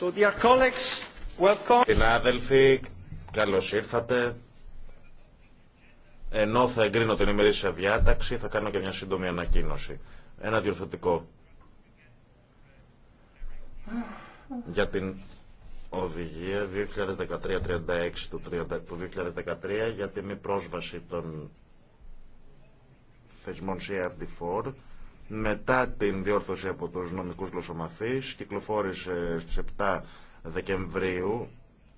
So dear καλώς ήρθατε. Ενώ θα εγκρίνω την ημερήσια διάταξη, θα κάνω και μια σύντομη ανακοίνωση. Ένα διορθωτικό. Για την οδηγία 2013-36 του 2013 για τη μη πρόσβαση των θεσμών CRD4 μετά την διόρθωση από του νομικούς γλωσσομαθείς, κυκλοφόρησε στις 7 Δεκεμβρίου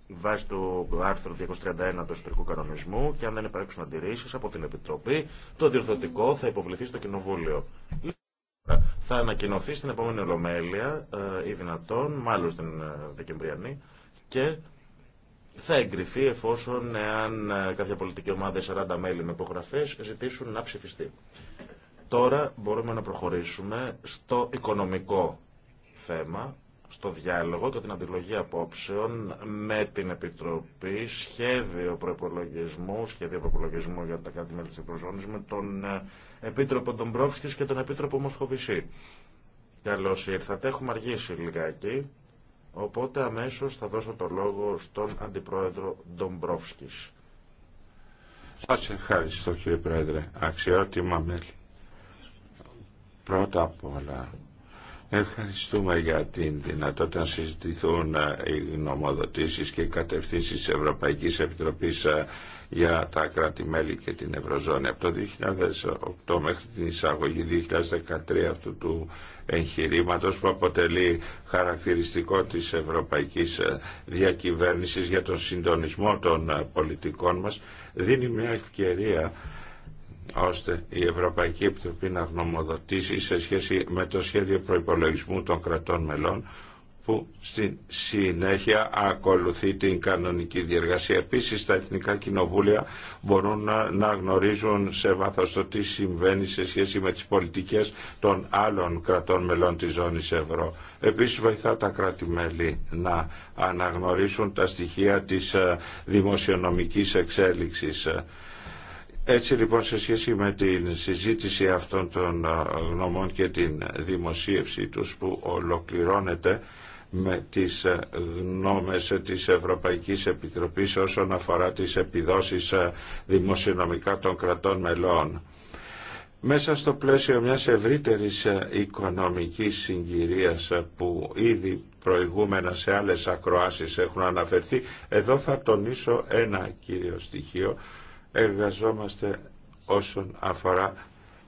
βάσει του άρθρου 231 του ιστορικού κανονισμού και αν δεν υπάρξουν αντιρρήσεις από την Επιτροπή, το διορθωτικό θα υποβληθεί στο Κοινοβούλιο. Θα ανακοινωθεί στην επόμενη Ολομέλεια ε, ή δυνατόν, μάλλον στην ε, Δεκεμβριανή και θα εγκριθεί εφόσον εάν ε, κάποια πολιτική ομάδα 40 μέλη με υπογραφές ζητήσουν να ψηφιστεί. Τώρα μπορούμε να προχωρήσουμε στο οικονομικό θέμα, στο διάλογο και την αντιλογή απόψεων με την Επιτροπή σχέδιο προπολογισμού, σχέδιο προπολογισμού για τα κάτι μέλη της Ευρωζώνης με τον ε, Επίτροπο Ντομπρόφσκης και τον Επίτροπο Μοσχοβησή. Καλώς ήρθατε, έχουμε αργήσει λιγάκι, οπότε αμέσως θα δώσω το λόγο στον Αντιπρόεδρο Ντομπρόφσκης. Σας ευχαριστώ κύριε Πρόεδρε, αξιότιμα μέλη. Πρώτα απ' όλα, ευχαριστούμε για την δυνατότητα να συζητηθούν ε, οι γνωμοδοτήσεις και οι κατευθύνσεις της Ευρωπαϊκής Επιτροπής ε, για τα κράτη-μέλη και την Ευρωζώνη. Από το 2008 μέχρι την εισαγωγή 2013 αυτού του εγχειρήματος που αποτελεί χαρακτηριστικό της ευρωπαϊκής ε, διακυβέρνησης για τον συντονισμό των πολιτικών μας δίνει μια ευκαιρία ώστε η Ευρωπαϊκή Επιτροπή να γνωμοδοτήσει σε σχέση με το σχέδιο προϋπολογισμού των κρατών μελών που στη συνέχεια ακολουθεί την κανονική διεργασία. Επίση, τα Εθνικά Κοινοβούλια μπορούν να, να γνωρίζουν σε βάθο το τι συμβαίνει σε σχέση με τις πολιτικές των άλλων κρατών μελών της ζώνης ευρώ. Επίση βοηθά τα κράτη-μέλη να αναγνωρίσουν τα στοιχεία της ε, δημοσιονομική εξέλιξη. Έτσι λοιπόν σε σχέση με την συζήτηση αυτών των ε, γνωμών και την δημοσίευση τους που ολοκληρώνεται με τις ε, γνώμες της Ευρωπαϊκής Επιτροπής όσον αφορά τις επιδόσεις ε, δημοσιονομικά των κρατών μελών. Μέσα στο πλαίσιο μιας ευρύτερης οικονομικής συγκυρίας που ήδη προηγούμενα σε άλλες ακροάσεις έχουν αναφερθεί, εδώ θα τονίσω ένα κύριο στοιχείο εργαζόμαστε όσον αφορά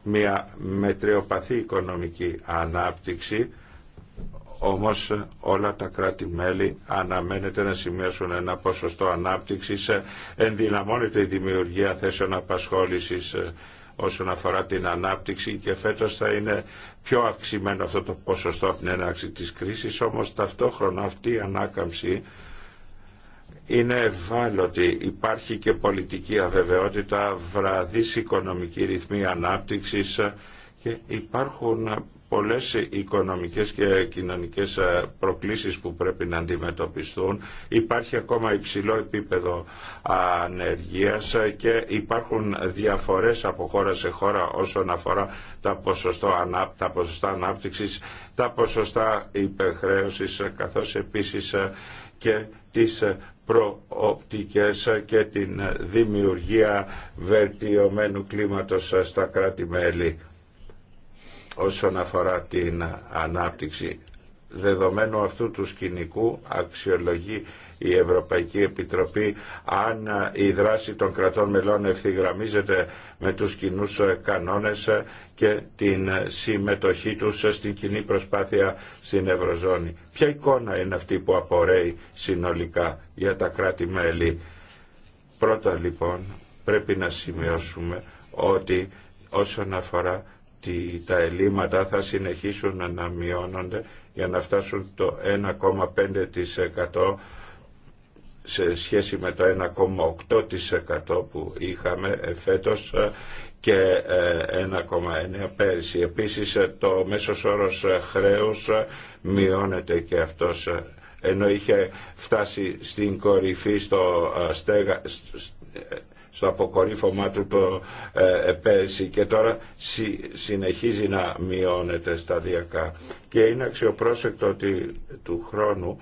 μια μετριοπαθή οικονομική ανάπτυξη όμως όλα τα κράτη-μέλη αναμένεται να σημειώσουν ένα ποσοστό ανάπτυξης, ενδυναμώνεται η δημιουργία θέσεων απασχόλησης ε, όσον αφορά την ανάπτυξη και φέτος θα είναι πιο αυξημένο αυτό το ποσοστό από την έναρξη της κρίσης, όμως ταυτόχρονα αυτή η ανάκαμψη είναι ευάλωτη. Υπάρχει και πολιτική αβεβαιότητα, βραδείς οικονομική ρυθμή ανάπτυξης και υπάρχουν πολλές οικονομικές και κοινωνικές προκλήσεις που πρέπει να αντιμετωπιστούν. Υπάρχει ακόμα υψηλό επίπεδο ανεργίας και υπάρχουν διαφορές από χώρα σε χώρα όσον αφορά τα, τα ποσοστά ανάπτυξης, τα ποσοστά υπερχρέωσης καθώς επίσης και τις προοπτικές και την δημιουργία βελτιωμένου κλίματος στα κράτη-μέλη όσον αφορά την ανάπτυξη δεδομένου αυτού του σκηνικού αξιολογεί η Ευρωπαϊκή Επιτροπή αν η δράση των κρατών μελών ευθυγραμμίζεται με τους κοινού κανόνες και την συμμετοχή τους στην κοινή προσπάθεια στην Ευρωζώνη. Ποια εικόνα είναι αυτή που απορρέει συνολικά για τα κράτη-μέλη. Πρώτα λοιπόν πρέπει να σημειώσουμε ότι όσον αφορά τα ελλείμματα θα συνεχίσουν να μειώνονται για να φτάσουν το 1,5% σε σχέση με το 1,8% που είχαμε φέτος και 1,9 ε, πέρυσι. Επίσης ε, το μέσος όρος ε, χρέους μειώνεται και αυτός ενώ είχε φτάσει στην κορυφή στο στέγα, στο αποκορύφωμά του το ε, ε πέρσι και τώρα συνεχίζει να μειώνεται σταδιακά. Και είναι αξιοπρόσεκτο ότι του χρόνου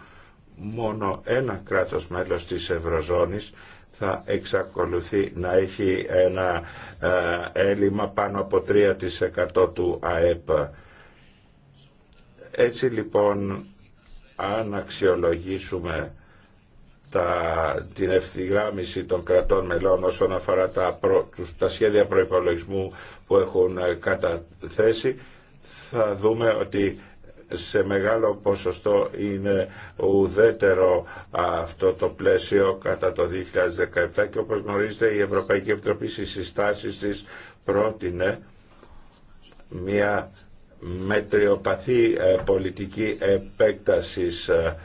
μόνο ένα κράτος μέλος της Ευρωζώνης θα εξακολουθεί να έχει ένα ε, έλλειμμα πάνω από 3% του ΑΕΠ. Έτσι λοιπόν αν αξιολογήσουμε τα, την ευθυγράμμιση των κρατών μελών όσον αφορά τα, τα σχέδια προϋπολογισμού που έχουν ε, καταθέσει θα δούμε ότι σε μεγάλο ποσοστό είναι ουδέτερο αυτό το πλαίσιο κατά το 2017 και όπως γνωρίζετε η Ευρωπαϊκή Επιτροπή στις συστάσεις της πρότεινε μια μετριοπαθή ε, πολιτική επέκτασης ε,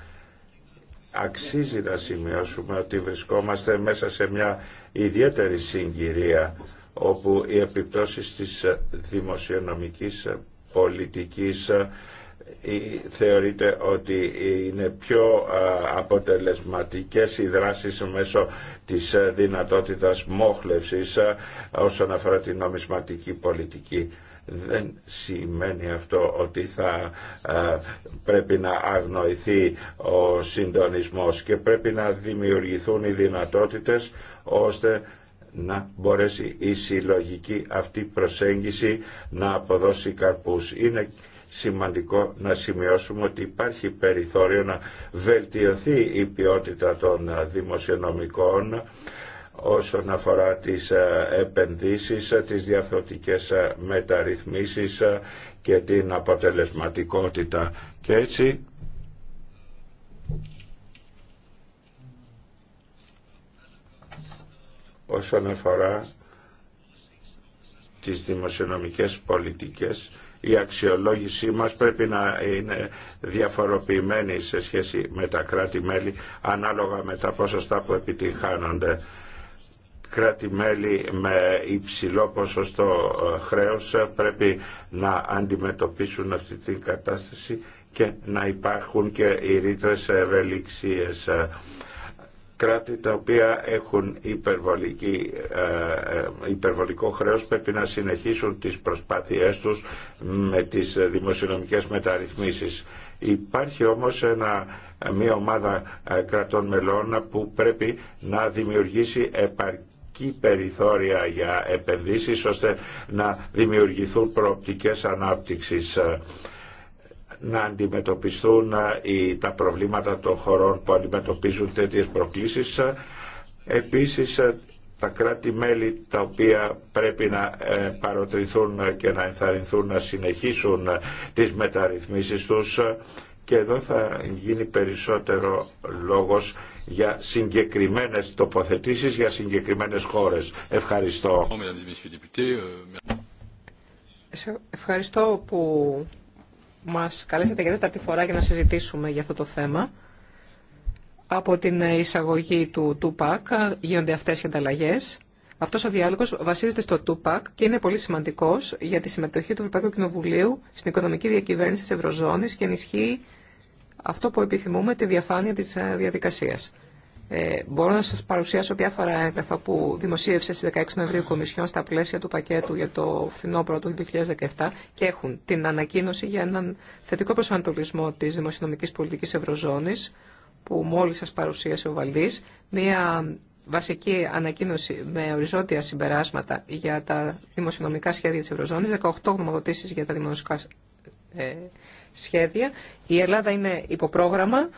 αξίζει να σημειώσουμε ότι βρισκόμαστε μέσα σε μια ιδιαίτερη συγκυρία όπου οι επιπτώσεις της δημοσιονομικής πολιτικής ε, θεωρείται ότι είναι πιο ε, αποτελεσματικές οι δράσεις μέσω της ε, δυνατότητας μόχλευσης όσον αφορά την νομισματική πολιτική δεν σημαίνει αυτό ότι θα ε, πρέπει να αγνοηθεί ο συντονισμός και πρέπει να δημιουργηθούν οι δυνατότητες ώστε να μπορέσει η συλλογική αυτή προσέγγιση να αποδώσει καρπούς. Είναι σημαντικό να σημειώσουμε ότι υπάρχει περιθώριο να βελτιωθεί η ποιότητα των δημοσιονομικών όσον αφορά τις ε, επενδύσεις, ε, τις διαφορετικές ε, μεταρρυθμίσεις και την αποτελεσματικότητα. Και έτσι όσον αφορά τις δημοσιονομικές πολιτικές η αξιολόγησή μας πρέπει να είναι διαφοροποιημένη σε σχέση με τα κράτη-μέλη ανάλογα με τα ποσοστά που επιτυγχάνονται κράτη-μέλη με υψηλό ποσοστό ε, χρέους ε, πρέπει να αντιμετωπίσουν αυτή την κατάσταση και να υπάρχουν και οι ρήτρες ευελιξίες ε, κράτη τα οποία έχουν υπερβολική, υπερβολικό χρέος πρέπει να συνεχίσουν τις προσπάθειές τους με τις δημοσιονομικές μεταρρυθμίσεις. Υπάρχει όμως ένα, μια ομάδα κρατών μελών που πρέπει να δημιουργήσει επαρκή επαρκή περιθώρια για επενδύσεις ώστε να δημιουργηθούν προοπτικές ανάπτυξης ε, να αντιμετωπιστούν ε, τα προβλήματα των χωρών που αντιμετωπίζουν τέτοιες προκλήσεις. Ε, επίσης, τα κράτη-μέλη τα οποία πρέπει να παροτριθούν και να ενθαρρυνθούν να συνεχίσουν τις μεταρρυθμίσεις τους και εδώ θα γίνει περισσότερο λόγος για συγκεκριμένες τοποθετήσεις για συγκεκριμένες χώρες. Ευχαριστώ. Ευχαριστώ που μας καλέσατε για τέταρτη φορά για να συζητήσουμε για αυτό το θέμα. Από την εισαγωγή του ΤΟΥΠΑΚ γίνονται αυτές οι ανταλλαγές. Αυτός ο διάλογος βασίζεται στο ΤΟΥΠΑΚ και είναι πολύ σημαντικός για τη συμμετοχή του Ευρωπαϊκού Κοινοβουλίου στην οικονομική διακυβέρνηση της Ευρωζώνης και ενισχύει αυτό που επιθυμούμε, τη διαφάνεια της ε, διαδικασίας. Ε, μπορώ να σας παρουσιάσω διάφορα έγγραφα που δημοσίευσε στις 16 Νοεμβρίου Κομισιόν στα πλαίσια του πακέτου για το φθινόπωρο του 2017 και έχουν την ανακοίνωση για έναν θετικό προσανατολισμό της δημοσιονομικής πολιτικής Ευρωζώνης που μόλις σας παρουσίασε ο Βαλδής, μια βασική ανακοίνωση με οριζόντια συμπεράσματα για τα δημοσιονομικά σχέδια της Ευρωζώνης, 18 γνωμοδοτήσεις για τα ε, σχέδια. Η Ελλάδα είναι υποπρόγραμμα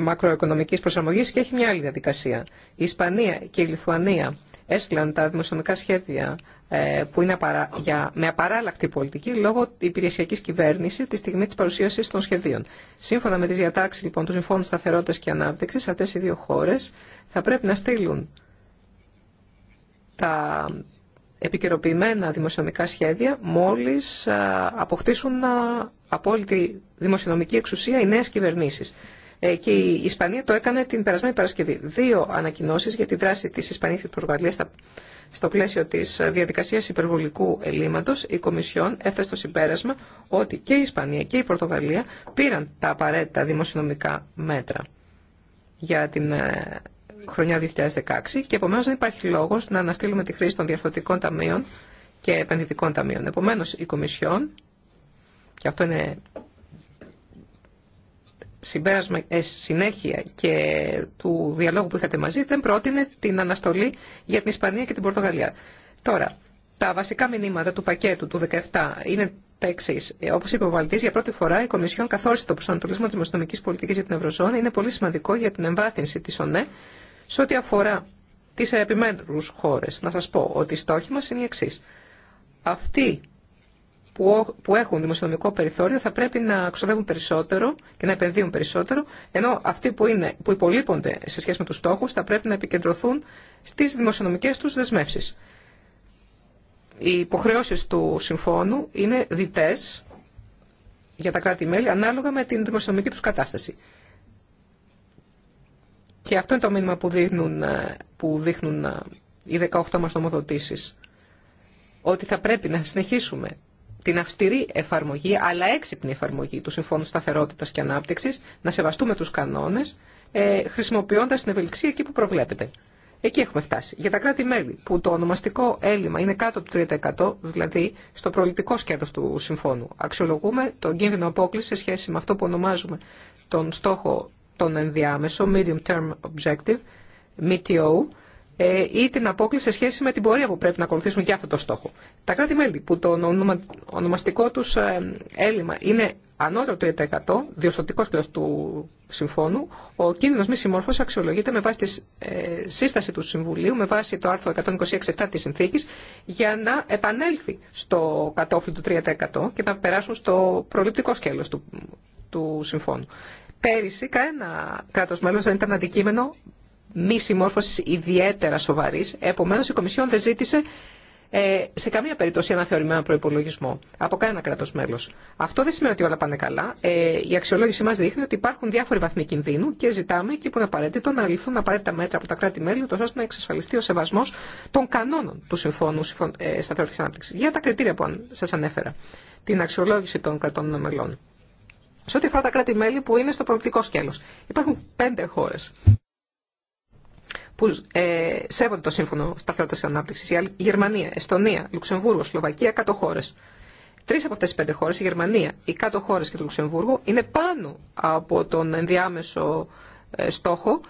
μακροοικονομικής προσαρμογής και έχει μια άλλη διαδικασία. Η Ισπανία και η Λιθουανία έστειλαν τα δημοσιονομικά σχέδια ε, που είναι για... με απαράλλακτη πολιτική λόγω υπηρεσιακής κυβέρνηση τη στιγμή της παρουσίασης των σχεδίων. Σύμφωνα με τις διατάξεις λοιπόν του Συμφώνου και Ανάπτυξης, αυτές οι δύο χώρες θα πρέπει να στείλουν τα επικαιροποιημένα δημοσιονομικά σχέδια μόλις αποκτήσουν απόλυτη δημοσιονομική εξουσία οι νέες κυβερνήσεις. Ε, και η Ισπανία το έκανε την περασμένη Παρασκευή. Δύο ανακοινώσει για τη δράση της τη Ισπανική στα, στο πλαίσιο της διαδικασίας υπερβολικού ελλείμματος, Η Κομισιόν έφτασε στο συμπέρασμα ότι και η Ισπανία και η Πορτογαλία πήραν τα απαραίτητα δημοσιονομικά μέτρα για την ε, χρονιά 2016 και επομένως δεν υπάρχει λόγος να αναστείλουμε τη χρήση των διαφορετικών ταμείων και επενδυτικών ταμείων. Επομένως η Κομισιόν, και αυτό είναι συμπέρασμα, ε, συνέχεια και του διαλόγου που είχατε μαζί, δεν πρότεινε την αναστολή για την Ισπανία και την Πορτογαλία. Τώρα, τα βασικά μηνύματα του πακέτου του 2017 είναι τα εξή. Ε, Όπω είπε ο Βαλτή, για πρώτη φορά η Κομισιόν καθόρισε το προσανατολισμό τη μεσονομική πολιτική για την Ευρωζώνη. Είναι πολύ σημαντικό για την εμβάθυνση τη ΟΝΕ σε ό,τι αφορά τις επιμέρους χώρες, να σας πω ότι οι στόχοι μας είναι οι εξή. Αυτοί που έχουν δημοσιονομικό περιθώριο θα πρέπει να ξοδεύουν περισσότερο και να επενδύουν περισσότερο, ενώ αυτοί που, είναι, που υπολείπονται σε σχέση με τους στόχους θα πρέπει να επικεντρωθούν στις δημοσιονομικές τους δεσμεύσεις. Οι υποχρεώσεις του συμφώνου είναι διτές για τα κράτη-μέλη ανάλογα με την δημοσιονομική τους κατάσταση. Και αυτό είναι το μήνυμα που δείχνουν, ε, που δείχνουν ε, οι 18 μας νομοθετήσεις. Ότι θα πρέπει να συνεχίσουμε την αυστηρή εφαρμογή, αλλά έξυπνη εφαρμογή του Συμφώνου Σταθερότητας και Ανάπτυξης, να σεβαστούμε τους κανόνες, ε, χρησιμοποιώντας την ευελιξία εκεί που προβλέπεται. Εκεί έχουμε φτάσει. Για τα κράτη-μέλη, που το ονομαστικό έλλειμμα είναι κάτω του 3%, δηλαδή στο προληπτικό σκέλος του συμφώνου, αξιολογούμε τον κίνδυνο απόκληση σε σχέση με αυτό που ονομάζουμε τον στόχο τον ενδιάμεσο Medium Term Objective, MTO, ε, ή την απόκληση σε σχέση με την πορεία που πρέπει να ακολουθήσουν για αυτό το στόχο. Τα κράτη-μέλη που το ονομαστικό τους ε, έλλειμμα είναι ανώτερο του διορθωτικό κλειδός του συμφώνου, ο κίνδυνος μη συμμόρφωση αξιολογείται με βάση τη ε, σύσταση του Συμβουλίου, με βάση το άρθρο 126.7 της συνθήκης, για να επανέλθει στο κατόφλι του 3% και να περάσουν στο προληπτικό σκέλος του, του συμφώνου. Πέρυσι κανένα κράτος μέλος δεν ήταν αντικείμενο μη συμμόρφωση ιδιαίτερα σοβαρή. Επομένω, η Κομισιόν δεν ζήτησε ε, σε καμία περίπτωση ένα θεωρημένο προπολογισμό από κανένα κράτο μέλο. Αυτό δεν σημαίνει ότι όλα πάνε καλά. Ε, η αξιολόγηση μα δείχνει ότι υπάρχουν διάφοροι βαθμοί κινδύνου και ζητάμε εκεί που είναι απαραίτητο να ληφθούν απαραίτητα μέτρα από τα κράτη-μέλη, ώστε να εξασφαλιστεί ο σεβασμό των κανόνων του Συμφώνου ε, Σταθερότητα Ανάπτυξη. Για τα κριτήρια που σα ανέφερα, την αξιολόγηση των κρατών μελών. Σε ό,τι αφορά τα κράτη-μέλη που είναι στο προοπτικό σκέλος. Υπάρχουν πέντε χώρες που ε, σέβονται το Σύμφωνο Σταθερότητα και Ανάπτυξη. Η Γερμανία, Εστονία, Λουξεμβούργο, Σλοβακία, κάτω χώρε. Τρει από αυτέ τι πέντε χώρε, η Γερμανία, οι κάτω χώρε και το Λουξεμβούργο, είναι πάνω από τον ενδιάμεσο ε, στόχο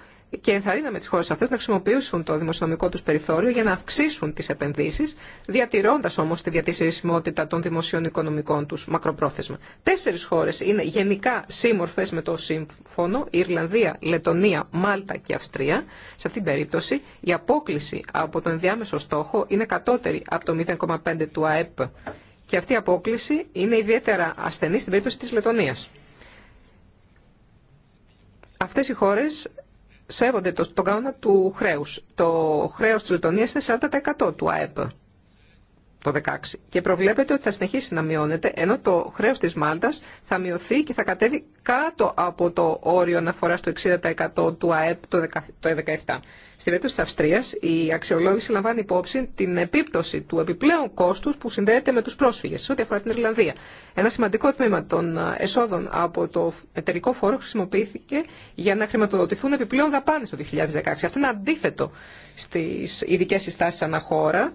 και ενθαρρύναμε τις χώρες αυτές να χρησιμοποιήσουν το δημοσιονομικό τους περιθώριο για να αυξήσουν τις επενδύσεις, διατηρώντας όμως τη διατηρησιμότητα των δημοσίων οικονομικών τους μακροπρόθεσμα. Τέσσερις χώρες είναι γενικά σύμμορφες με το σύμφωνο, Ιρλανδία, Λετωνία, Μάλτα και Αυστρία. Σε αυτήν την περίπτωση η απόκληση από τον ενδιάμεσο στόχο είναι κατώτερη από το 0,5 του ΑΕΠ και αυτή η απόκληση είναι ιδιαίτερα ασθενή στην περίπτωση της Λετωνίας. Αυτές οι χώρες σέβονται τον κανόνα του χρέους. Το χρέος της Λετωνίας είναι 40% του ΑΕΠ το 2016. Και προβλέπεται ότι θα συνεχίσει να μειώνεται, ενώ το χρέος της Μάλτας θα μειωθεί και θα κατέβει κάτω από το όριο αναφορά στο 60% του ΑΕΠ το 2017. Στην περίπτωση τη Αυστρία η αξιολόγηση λαμβάνει υπόψη την επίπτωση του επιπλέον κόστου που συνδέεται με του πρόσφυγες, σε ό,τι αφορά την Ιρλανδία. Ένα σημαντικό τμήμα των ε, εσόδων από το εταιρικό φόρο χρησιμοποιήθηκε για να χρηματοδοτηθούν επιπλέον δαπάνε το 2016. Αυτό είναι αντίθετο στι ειδικέ συστάσει αναχώρα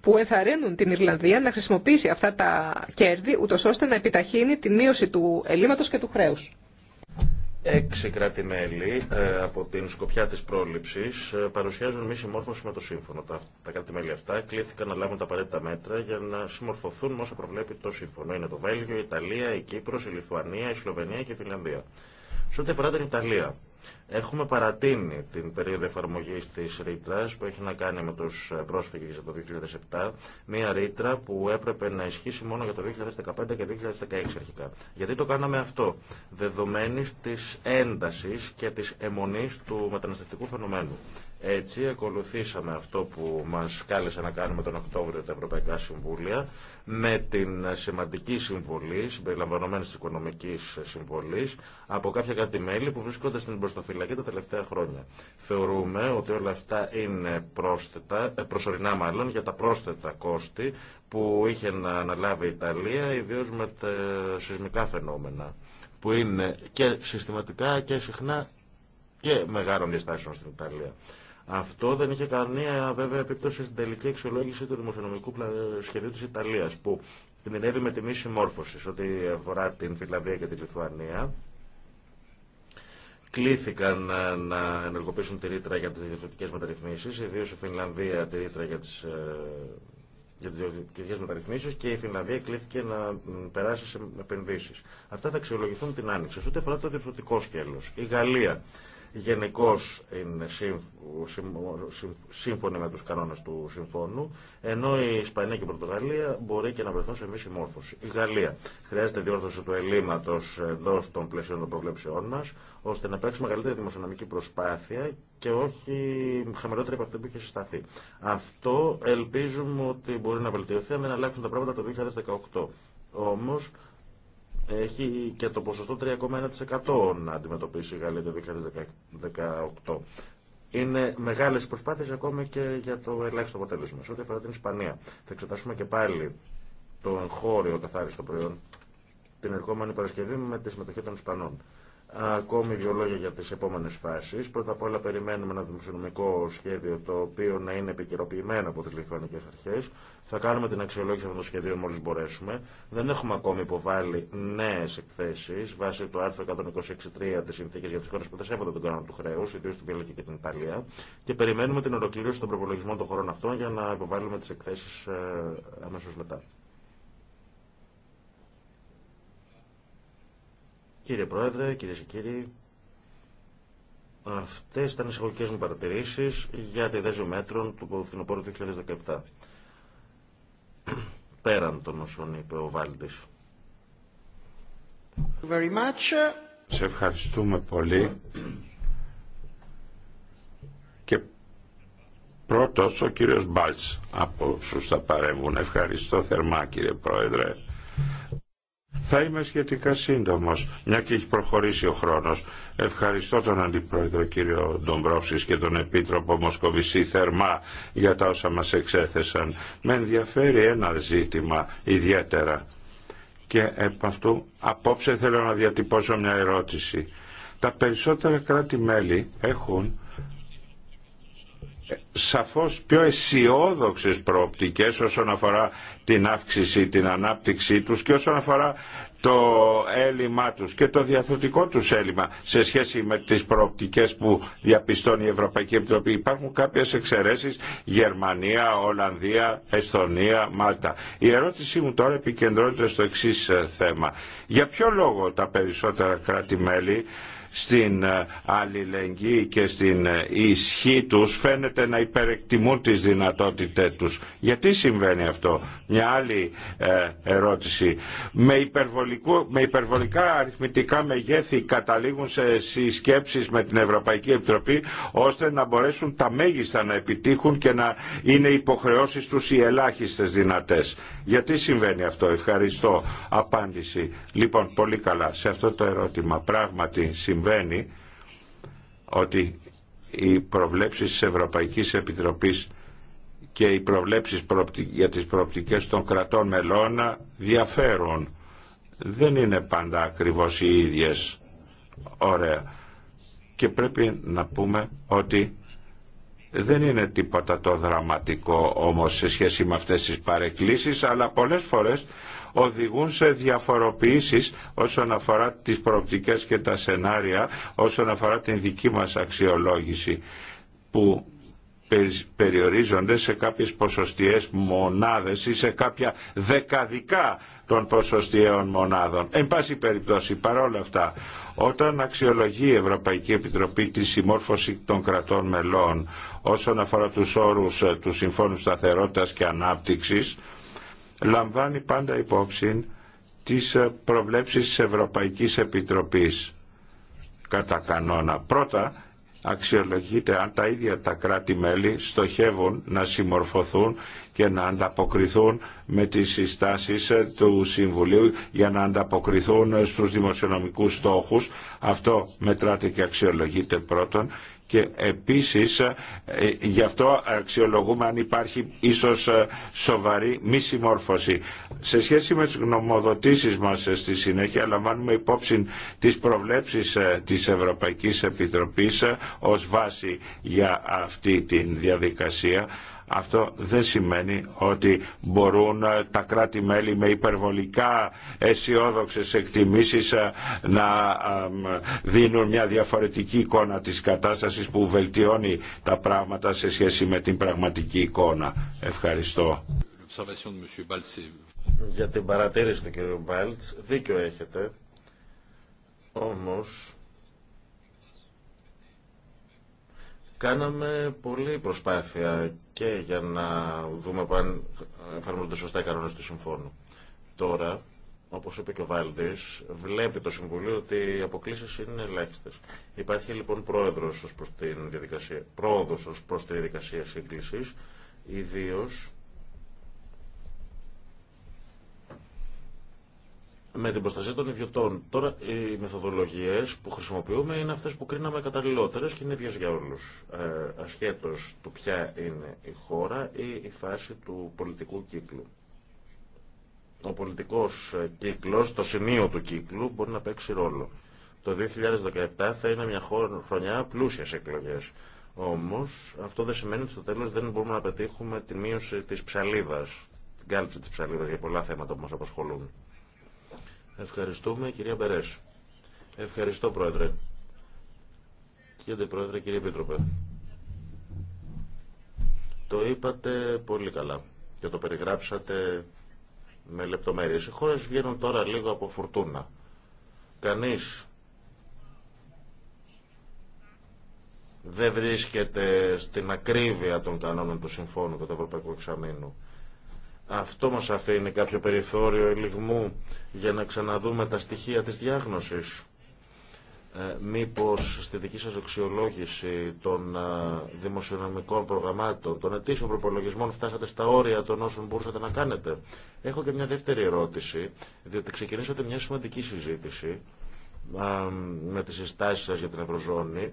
που ενθαρρύνουν την Ιρλανδία να χρησιμοποιήσει αυτά τα κέρδη, ούτω ώστε να επιταχύνει την μείωση του ελλείμματο και του χρέου. Έξι κράτη-μέλη ε, από την σκοπιά τη πρόληψη ε, παρουσιάζουν μη συμμόρφωση με το σύμφωνο. Τα, τα κράτη-μέλη αυτά κλήθηκαν να λάβουν τα απαραίτητα μέτρα για να συμμορφωθούν με όσα προβλέπει το σύμφωνο. Είναι το Βέλγιο, η Ιταλία, η Κύπρο, η Λιθουανία, η Σλοβενία και η Φιλανδία. Σε ό,τι αφορά την Ιταλία, Έχουμε παρατείνει την περίοδο εφαρμογή τη ρήτρα που έχει να κάνει με του πρόσφυγε από το 2007. Μία ρήτρα που έπρεπε να ισχύσει μόνο για το 2015 και 2016 αρχικά. Γιατί το κάναμε αυτό, δεδομένη τη ένταση και τη αιμονή του μεταναστευτικού φαινομένου. Έτσι ακολουθήσαμε αυτό που μας κάλεσε να κάνουμε τον Οκτώβριο τα Ευρωπαϊκά Συμβούλια με την σημαντική συμβολή, συμπεριλαμβανομένη τη οικονομική συμβολή, από κάποια κάτι μέλη που βρίσκονται στην προστοφυλακή τα τελευταία χρόνια. Θεωρούμε ότι όλα αυτά είναι πρόσθετα, ε, προσωρινά μάλλον, για τα πρόσθετα κόστη που είχε να αναλάβει η Ιταλία, ιδίω με τα σεισμικά φαινόμενα, που είναι και συστηματικά και συχνά και μεγάλων διαστάσεων στην Ιταλία. Αυτό δεν είχε καμία βέβαια επίπτωση στην τελική αξιολόγηση του δημοσιονομικού σχεδίου της Ιταλίας που κινδυνεύει με τιμή συμμόρφωση ό,τι αφορά την Φιλανδία και την Λιθουανία. Κλήθηκαν ε, να ενεργοποιήσουν τη ρήτρα για τις διευθυντικές μεταρρυθμίσεις, ιδίω η Φινλανδία τη ρήτρα για τις ε, για τι διοικητικέ μεταρρυθμίσει και η Φινλανδία κλείθηκε να περάσει σε επενδύσει. Αυτά θα αξιολογηθούν την άνοιξη. Ούτε αφορά το διευθυντικό σκέλο. Η Γαλλία γενικώ είναι σύμφωνοι με τους κανόνες του συμφώνου, ενώ η Ισπανία και η Πορτογαλία μπορεί και να βρεθούν σε μη συμμόρφωση. Η Γαλλία χρειάζεται διόρθωση του ελλείμματος εντό των πλαισίων των προβλέψεών μα, ώστε να υπάρξει μεγαλύτερη δημοσιονομική προσπάθεια και όχι χαμηλότερη από αυτή που είχε συσταθεί. Αυτό ελπίζουμε ότι μπορεί να βελτιωθεί αν δεν αλλάξουν τα πράγματα το 2018. Όμως, έχει και το ποσοστό 3,1% να αντιμετωπίσει η Γαλλία το 2018. Είναι μεγάλες προσπάθειες ακόμη και για το ελάχιστο αποτέλεσμα. Σε ό,τι αφορά την Ισπανία, θα εξετάσουμε και πάλι το εγχώριο καθάριστο προϊόν την ερχόμενη Παρασκευή με τη συμμετοχή των Ισπανών. Ακόμη δύο λόγια για τι επόμενε φάσει. Πρώτα απ' όλα περιμένουμε ένα δημοσιονομικό σχέδιο το οποίο να είναι επικαιροποιημένο από τι λιθουανικέ αρχέ, Θα κάνουμε την αξιολόγηση αυτών των σχεδίων μόλι μπορέσουμε. Δεν έχουμε ακόμη υποβάλει νέε εκθέσει βάσει του άρθρου 126.3 τη συνθήκη για τι χώρε που δεν τον κανόνα του χρέους, ιδίω την Βέλγια και την Ιταλία. Και περιμένουμε την ολοκλήρωση των προπολογισμών των χωρών αυτών για να υποβάλουμε τι εκθέσει ε, αμέσω μετά. Κύριε Πρόεδρε, κυρίε και κύριοι, αυτέ ήταν οι συγχωρικέ μου παρατηρήσει για τη δέσμη μέτρων του φθινοπόρου 2017. Πέραν των όσων είπε ο Βάλτη. Σε ευχαριστούμε πολύ. Και πρώτος ο κύριος Μπάλτς από σού θα παρέμβουν. Ευχαριστώ θερμά κύριε Πρόεδρε. Θα είμαι σχετικά σύντομος, μια και έχει προχωρήσει ο χρόνος. Ευχαριστώ τον Αντιπρόεδρο κύριο Ντομπρόφσης και τον Επίτροπο Μοσκοβισή θερμά για τα όσα μας εξέθεσαν. Με ενδιαφέρει ένα ζήτημα ιδιαίτερα. Και επ' αυτού απόψε θέλω να διατυπώσω μια ερώτηση. Τα περισσότερα κράτη-μέλη έχουν σαφώς πιο αισιόδοξε προοπτικές όσον αφορά την αύξηση, την ανάπτυξή τους και όσον αφορά το έλλειμμά τους και το διαθωτικό τους έλλειμμα σε σχέση με τις προοπτικές που διαπιστώνει η Ευρωπαϊκή Επιτροπή. Υπάρχουν κάποιες εξαιρέσεις Γερμανία, Ολλανδία, Εσθονία, Μάλτα. Η ερώτησή μου τώρα επικεντρώνεται στο εξή ε, θέμα. Για ποιο λόγο τα περισσότερα κράτη-μέλη στην ε, αλληλεγγύη και στην ε, ισχύ τους φαίνεται να υπερεκτιμούν τις δυνατότητές τους. Γιατί συμβαίνει αυτό. Μια άλλη ερώτηση. Με με υπερβολικά αριθμητικά μεγέθη καταλήγουν σε συσκέψεις με την Ευρωπαϊκή Επιτροπή ώστε να μπορέσουν τα μέγιστα να επιτύχουν και να είναι υποχρεώσεις τους οι ελάχιστες δυνατές. Γιατί συμβαίνει αυτό. Ευχαριστώ. Απάντηση. Λοιπόν, πολύ καλά. Σε αυτό το ερώτημα πράγματι συμβαίνει ότι οι προβλέψεις της Ευρωπαϊκής Επιτροπής και οι προβλέψεις για τις προοπτικές των κρατών μελών διαφέρουν δεν είναι πάντα ακριβώς οι ίδιες. Ωραία. Και πρέπει να πούμε ότι δεν είναι τίποτα το δραματικό όμως σε σχέση με αυτές τις παρεκκλήσεις, αλλά πολλές φορές οδηγούν σε διαφοροποιήσεις όσον αφορά τις προοπτικές και τα σενάρια, όσον αφορά την δική μας αξιολόγηση που περιορίζονται σε κάποιες ποσοστιαίες μονάδες ή σε κάποια δεκαδικά των ποσοστιαίων μονάδων. Εν πάση περιπτώσει, παρόλα αυτά, όταν αξιολογεί η Ευρωπαϊκή Επιτροπή τη συμμόρφωση των κρατών μελών όσον αφορά τους όρους ε, του Συμφώνου Σταθερότητας και Ανάπτυξης, λαμβάνει πάντα υπόψη τις ε, προβλέψεις της Ευρωπαϊκής Επιτροπής κατά κανόνα. Πρώτα, αξιολογείται αν τα ίδια τα κράτη-μέλη στοχεύουν να συμμορφωθούν ...για να ανταποκριθούν με τις συστάσεις ε, του Συμβουλίου για να ανταποκριθούν ε, στους δημοσιονομικούς στόχους. Αυτό μετράται και αξιολογείται πρώτον και επίσης ε, γι' αυτό αξιολογούμε αν υπάρχει ίσως σοβαρή μη συμμόρφωση. Σε σχέση με τις γνωμοδοτήσεις μας στη συνέχεια λαμβάνουμε υπόψη τις προβλέψεις της Ευρωπαϊκής Επιτροπής ως βάση για αυτή τη διαδικασία αυτό δεν σημαίνει ότι μπορούν ε, τα κράτη-μέλη με υπερβολικά αισιόδοξε εκτιμήσεις ε, να δίνουν μια διαφορετική εικόνα της κατάστασης που βελτιώνει τα πράγματα σε σχέση με την πραγματική εικόνα. Ευχαριστώ. Για την παρατήρηση του κ. Μπάλτς, δίκιο έχετε. Όμως, κάναμε πολλή προσπάθεια και για να δούμε αν εφαρμόζονται σωστά οι κανόνε του συμφώνου. Τώρα, όπως είπε και ο Βάλτη, βλέπει το Συμβουλίο ότι οι αποκλήσει είναι ελάχιστε. Υπάρχει λοιπόν πρόεδρο ω προ ως τη διαδικασία σύγκληση, ιδίω. με την προστασία των ιδιωτών. Τώρα οι μεθοδολογίε που χρησιμοποιούμε είναι αυτέ που κρίναμε καταλληλότερες και είναι ίδιε για όλου. Ε, ασχέτως του ποια είναι η χώρα ή η φάση του πολιτικού κύκλου. Ο πολιτικό ε, κύκλο, το σημείο του κύκλου μπορεί να παίξει ρόλο. Το 2017 θα είναι μια χρονιά πλούσια εκλογέ. Όμω, αυτό δεν σημαίνει ότι στο τέλο δεν μπορούμε να πετύχουμε τη μείωση τη ψαλίδα, την κάλυψη τη ψαλίδα για πολλά θέματα που μα απασχολούν. Ευχαριστούμε, κυρία Μπερέ. Ευχαριστώ, Πρόεδρε. Κύριε Πρόεδρε, κύριε Επίτροπε. Το είπατε πολύ καλά και το περιγράψατε με λεπτομέρειες. Οι χώρες βγαίνουν τώρα λίγο από φουρτούνα. Κανείς δεν βρίσκεται στην ακρίβεια των κανόνων του Συμφώνου και του Ευρωπαϊκού Εξαμήνου. Αυτό μας αφήνει κάποιο περιθώριο ελιγμού για να ξαναδούμε τα στοιχεία της διάγνωσης. Ε, μήπως στη δική σας αξιολόγηση των ε, δημοσιονομικών προγραμμάτων, των ετήσιων προπολογισμών φτάσατε στα όρια των όσων μπορούσατε να κάνετε. Έχω και μια δεύτερη ερώτηση, διότι ξεκινήσατε μια σημαντική συζήτηση με τις συστάσεις σας για την Ευρωζώνη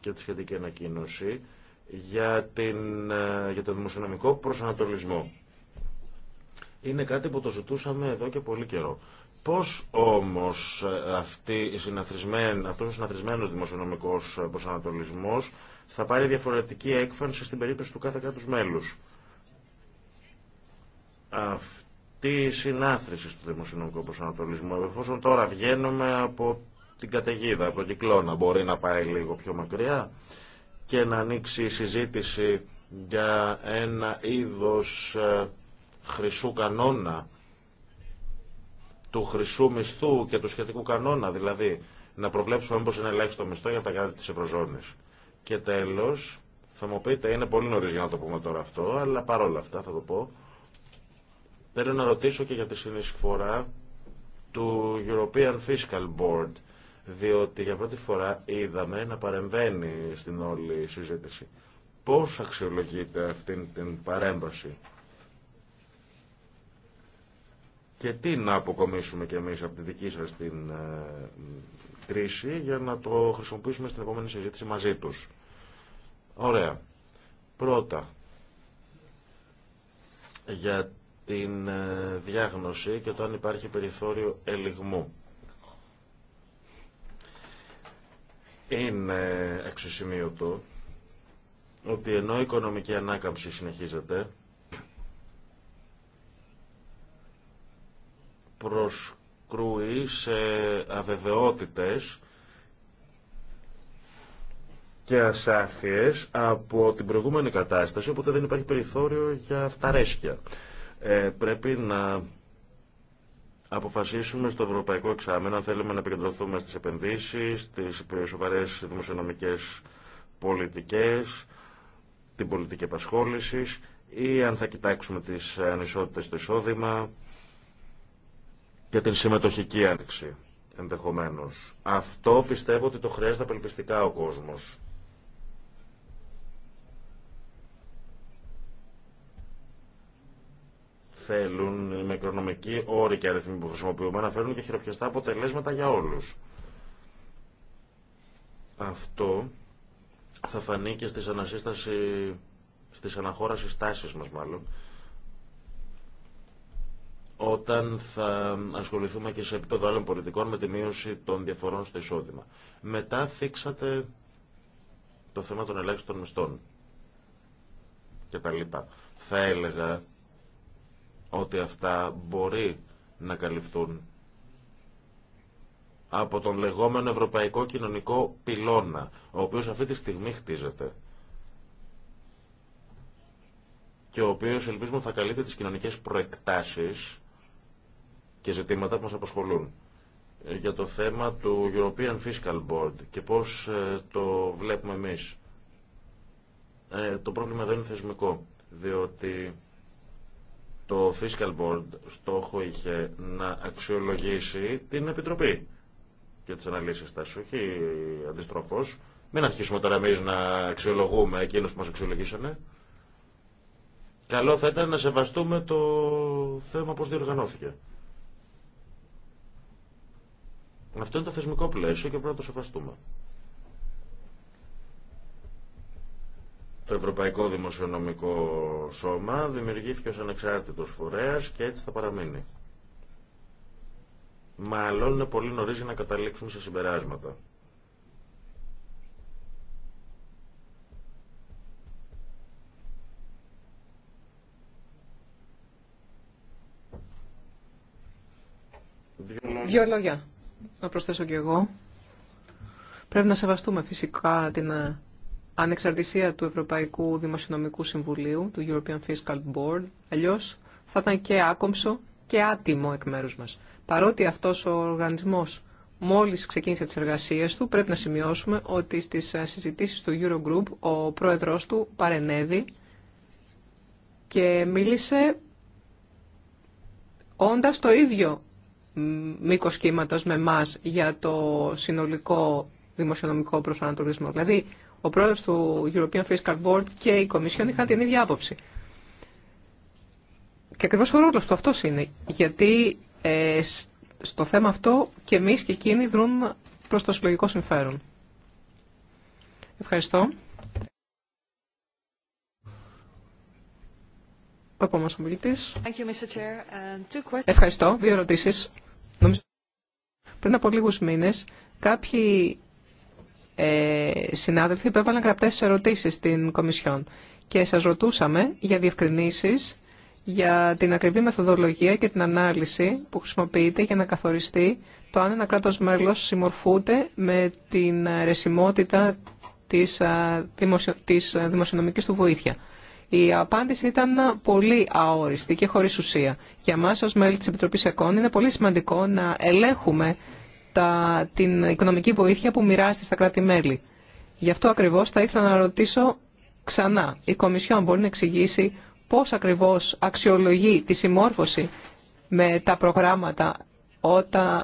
και τη σχετική ανακοίνωση για, την, ε, για το δημοσιονομικό προσανατολισμό. Είναι κάτι που το ζητούσαμε εδώ και πολύ καιρό. Πώς όμως ε, αυτή αυτός ο συναθρισμένος δημοσιονομικός ε, προσανατολισμός θα πάρει διαφορετική έκφανση στην περίπτωση του κάθε κράτους μέλους. Αυτή η συνάθρηση του δημοσιονομικού προσανατολισμό, εφόσον τώρα βγαίνουμε από την καταιγίδα, από τον κυκλώνα, μπορεί να πάει λίγο πιο μακριά και να ανοίξει η συζήτηση για ένα είδος ε, χρυσού κανόνα, του χρυσού μισθού και του σχετικού κανόνα, δηλαδή να προβλέψουμε μήπως είναι ελάχιστο μισθό για τα κράτη της Ευρωζώνης. Και τέλος, θα μου πείτε, είναι πολύ νωρίς για να το πούμε τώρα αυτό, αλλά παρόλα αυτά θα το πω, θέλω να ρωτήσω και για τη συνεισφορά του European Fiscal Board διότι για πρώτη φορά είδαμε να παρεμβαίνει στην όλη συζήτηση. Πώς αξιολογείται αυτή την παρέμβαση και τι να αποκομίσουμε κι εμείς από τη δική σας την ε, κρίση για να το χρησιμοποιήσουμε στην επόμενη συζήτηση μαζί τους. Ωραία. Πρώτα, για την ε, διάγνωση και το αν υπάρχει περιθώριο ελιγμού. Είναι αξιοσημείωτο ότι ενώ η οικονομική ανάκαμψη συνεχίζεται, προσκρούει σε αβεβαιότητες και ασάφειες από την προηγούμενη κατάσταση, οπότε δεν υπάρχει περιθώριο για αυταρέσκεια. Ε, πρέπει να αποφασίσουμε στο ευρωπαϊκό εξάμενο αν θέλουμε να επικεντρωθούμε στις επενδύσεις, στις σοβαρές δημοσιονομικές πολιτικές, την πολιτική επασχόληση ή αν θα κοιτάξουμε τις ανισότητες στο εισόδημα και την συμμετοχική άνοιξη ενδεχομένως. Αυτό πιστεύω ότι το χρειάζεται απελπιστικά ο κόσμος. θέλουν οι μικρονομικοί όροι και αριθμοί που χρησιμοποιούμε να φέρουν και χειροπιαστά αποτελέσματα για όλους. Αυτό θα φανεί και στις ανασύσταση, στις αναχώρασεις τάσεις μας μάλλον, όταν θα ασχοληθούμε και σε επίπεδο άλλων πολιτικών με τη μείωση των διαφορών στο εισόδημα. Μετά θίξατε το θέμα των των μισθών και τα λοιπά. Θα έλεγα ότι αυτά μπορεί να καλυφθούν από τον λεγόμενο Ευρωπαϊκό Κοινωνικό Πυλώνα, ο οποίος αυτή τη στιγμή χτίζεται και ο οποίος ελπίζουμε θα καλύπτει τις κοινωνικές προεκτάσεις και ζητήματα που μας απασχολούν για το θέμα του European Fiscal Board και πώς ε, το βλέπουμε εμείς. Ε, το πρόβλημα δεν είναι θεσμικό, διότι το Fiscal Board στόχο είχε να αξιολογήσει την Επιτροπή και τις αναλύσεις της, όχι αντιστροφώς. Μην αρχίσουμε τώρα να αξιολογούμε εκείνους που μας αξιολογήσανε. Καλό θα ήταν να σεβαστούμε το θέμα πώς διοργανώθηκε. Αυτό είναι το θεσμικό πλαίσιο και πρέπει να το σεβαστούμε. Το Ευρωπαϊκό Δημοσιονομικό Σώμα δημιουργήθηκε ως ανεξάρτητος φορέας και έτσι θα παραμείνει. Μάλλον είναι πολύ νωρίς για να καταλήξουμε σε συμπεράσματα. Δύο λόγια να προσθέσω κι εγώ. Πρέπει να σεβαστούμε φυσικά την ε, ανεξαρτησία του Ευρωπαϊκού Δημοσιονομικού Συμβουλίου, του European Fiscal Board, αλλιώ θα ήταν και άκομψο και άτιμο εκ μέρου μας. Παρότι αυτός ο οργανισμός μόλις ξεκίνησε τις εργασίες του, πρέπει να σημειώσουμε ότι στις ε, συζητήσεις του Eurogroup ο πρόεδρος του παρενέβη και μίλησε όντα το ίδιο μήκο κύματο με εμά για το συνολικό δημοσιονομικό προσανατολισμό. Δηλαδή, ο πρόεδρος του European Fiscal Board και η Κομισιόν είχαν την ίδια άποψη. Και ακριβώς ο ρόλος του αυτός είναι, γιατί ε, στο θέμα αυτό και εμείς και εκείνοι δρούν προς το συλλογικό συμφέρον. Ευχαριστώ. Ο Ευχαριστώ. Δύο ερωτήσεις. Πριν από λίγους μήνες, κάποιοι ε, συνάδελφοι υπέβαλαν γραπτές ερωτήσεις στην Κομισιόν και σας ρωτούσαμε για διευκρινήσεις για την ακριβή μεθοδολογία και την ανάλυση που χρησιμοποιείται για να καθοριστεί το αν ένα κράτος μέλος συμμορφούνται με την ρεσιμότητα της, δημοσιο... της δημοσιονομικής του βοήθεια. Η απάντηση ήταν πολύ αόριστη και χωρίς ουσία. Για εμάς ως μέλη της Επιτροπής ΕΚΟΝ είναι πολύ σημαντικό να ελέγχουμε τα, την οικονομική βοήθεια που μοιράζεται στα κράτη-μέλη. Γι' αυτό ακριβώς θα ήθελα να ρωτήσω ξανά. Η Κομισιόν μπορεί να εξηγήσει πώς ακριβώς αξιολογεί τη συμμόρφωση με τα προγράμματα όταν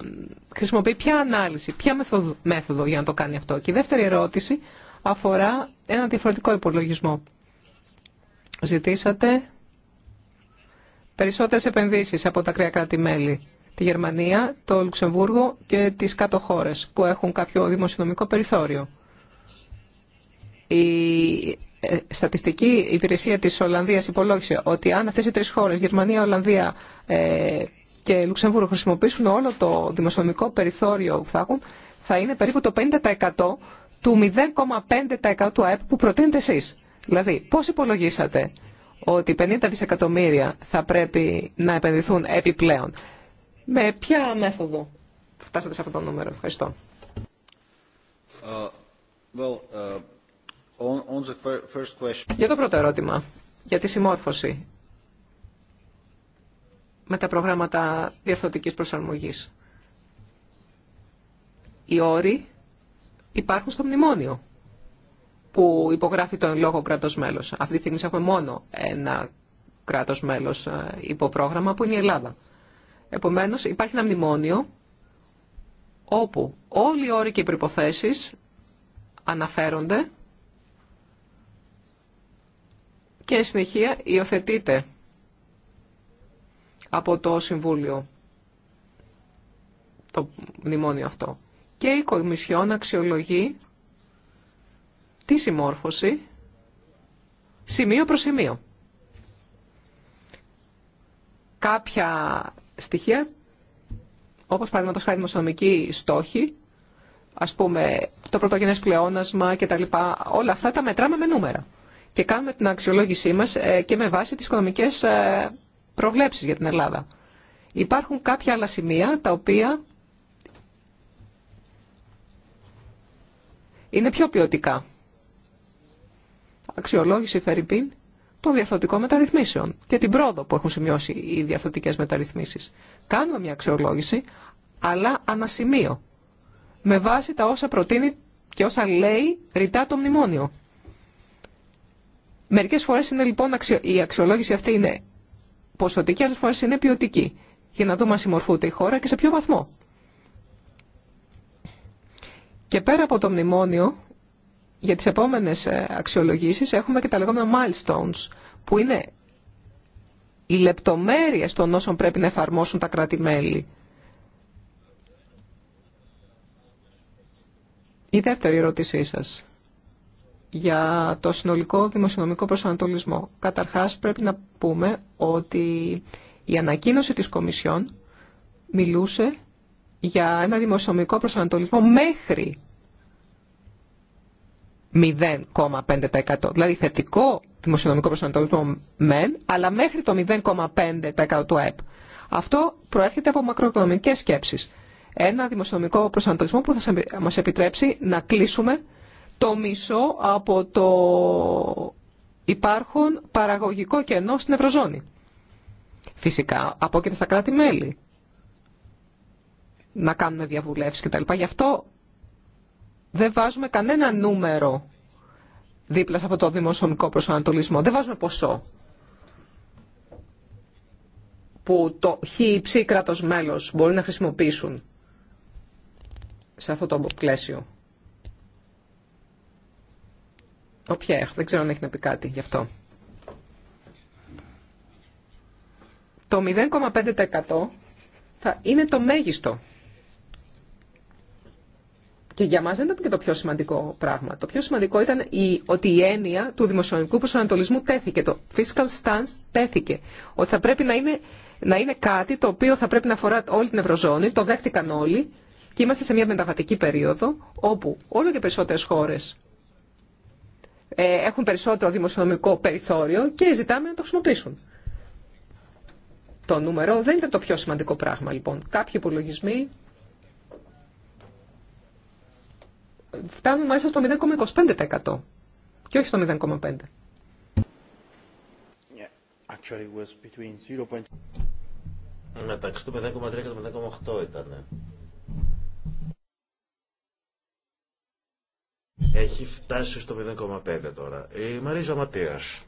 χρησιμοποιεί ποια ανάλυση, ποια μεθοδο, για να το κάνει αυτό. Και η δεύτερη ερώτηση αφορά ένα διαφορετικό υπολογισμό. Ζητήσατε περισσότερες επενδύσεις από τα κρέα κράτη-μέλη τη Γερμανία, το Λουξεμβούργο και τις κάτω χώρες που έχουν κάποιο δημοσιονομικό περιθώριο. Η ε, στατιστική υπηρεσία της Ολλανδίας υπολόγισε ότι αν αυτές οι τρεις χώρες, Γερμανία, Ολλανδία ε, και Λουξεμβούργο χρησιμοποιήσουν όλο το δημοσιονομικό περιθώριο που θα έχουν, θα είναι περίπου το 50% του 0,5% του ΑΕΠ που προτείνετε εσείς. Δηλαδή, πώς υπολογίσατε ότι 50 δισεκατομμύρια θα πρέπει να επενδυθούν επιπλέον. Με ποια μέθοδο φτάσατε σε αυτό το νούμερο. Ευχαριστώ. Uh, well, uh, on, on the first question. Για το πρώτο ερώτημα, για τη συμμόρφωση με τα προγράμματα διαρθρωτικής προσαρμογής. Οι όροι υπάρχουν στο μνημόνιο που υπογράφει τον λόγο κράτος μέλος. Αυτή τη στιγμή έχουμε μόνο ένα κράτος μέλος ε, υποπρόγραμμα που είναι η Ελλάδα. Επομένως υπάρχει ένα μνημόνιο όπου όλοι οι όροι και οι προποθέσει αναφέρονται και συνεχεία υιοθετείται από το Συμβούλιο το μνημόνιο αυτό. Και η Κομισιόν αξιολογεί τη συμμόρφωση σημείο προς σημείο. Κάποια στοιχεία, όπως παραδείγματο χάρη δημοσιονομικοί στόχοι, ας πούμε το πρωτογενές πλεόνασμα κτλ. Όλα αυτά τα μετράμε με νούμερα και κάνουμε την αξιολόγησή μας ε, και με βάση τις οικονομικές ε, προβλέψεις για την Ελλάδα. Υπάρχουν κάποια άλλα σημεία τα οποία είναι πιο ποιοτικά. Αξιολόγηση Φερρυπίν των διαφορετικών μεταρρυθμίσεων και την πρόοδο που έχουν σημειώσει οι διαφορετικέ μεταρρυθμίσει. Κάνουμε μια αξιολόγηση, αλλά ανασημείο, με βάση τα όσα προτείνει και όσα λέει ρητά το μνημόνιο. Μερικές φορές είναι λοιπόν η αξιολόγηση αυτή είναι ποσοτική, άλλες φορές είναι ποιοτική, για να δούμε αν συμμορφούνται η χώρα και σε ποιο βαθμό. Και πέρα από το μνημόνιο, για τις επόμενες ε, αξιολογήσεις έχουμε και τα λεγόμενα milestones, που είναι οι λεπτομέρειες των όσων πρέπει να εφαρμόσουν τα κράτη-μέλη. Η δεύτερη ερώτησή σας για το συνολικό δημοσιονομικό προσανατολισμό. Καταρχάς πρέπει να πούμε ότι η ανακοίνωση της Κομισιόν μιλούσε για ένα δημοσιονομικό προσανατολισμό μέχρι 0,5%. Δηλαδή θετικό δημοσιονομικό προσανατολισμό μεν, αλλά μέχρι το 0,5% του ΑΕΠ. Αυτό προέρχεται από μακροοικονομικές σκέψεις. Ένα δημοσιονομικό προσανατολισμό που θα μας επιτρέψει να κλείσουμε το μισό από το υπάρχον παραγωγικό κενό στην Ευρωζώνη. Φυσικά, απόκειται στα κράτη-μέλη να κάνουν διαβουλεύσεις κτλ. Γι' αυτό δεν βάζουμε κανένα νούμερο δίπλα σε αυτό το δημοσιονομικό προσανατολισμό. Δεν βάζουμε ποσό που το ή κράτος μέλος μπορεί να χρησιμοποιήσουν σε αυτό το πλαίσιο. Ο Πιέχ, δεν ξέρω αν έχει να πει κάτι γι' αυτό. Το 0,5% θα είναι το μέγιστο και για μας δεν ήταν και το πιο σημαντικό πράγμα. Το πιο σημαντικό ήταν η, ότι η έννοια του δημοσιονομικού προσανατολισμού τέθηκε. Το fiscal stance τέθηκε. Ότι θα πρέπει να είναι, να είναι κάτι το οποίο θα πρέπει να αφορά όλη την Ευρωζώνη. Το δέχτηκαν όλοι. Και είμαστε σε μια μεταβατική περίοδο όπου όλο και περισσότερε χώρε ε, έχουν περισσότερο δημοσιονομικό περιθώριο και ζητάμε να το χρησιμοποιήσουν. Το νούμερο δεν ήταν το πιο σημαντικό πράγμα λοιπόν. Κάποιοι υπολογισμοί Φτάνουμε, μέσα στο 0,25% και όχι στο 0,5%. Actually, το Μεταξύ 0,3 και του 0,8 ήταν. Έχει φτάσει στο 0,5 τώρα. Η Μαρίζα Ματίας.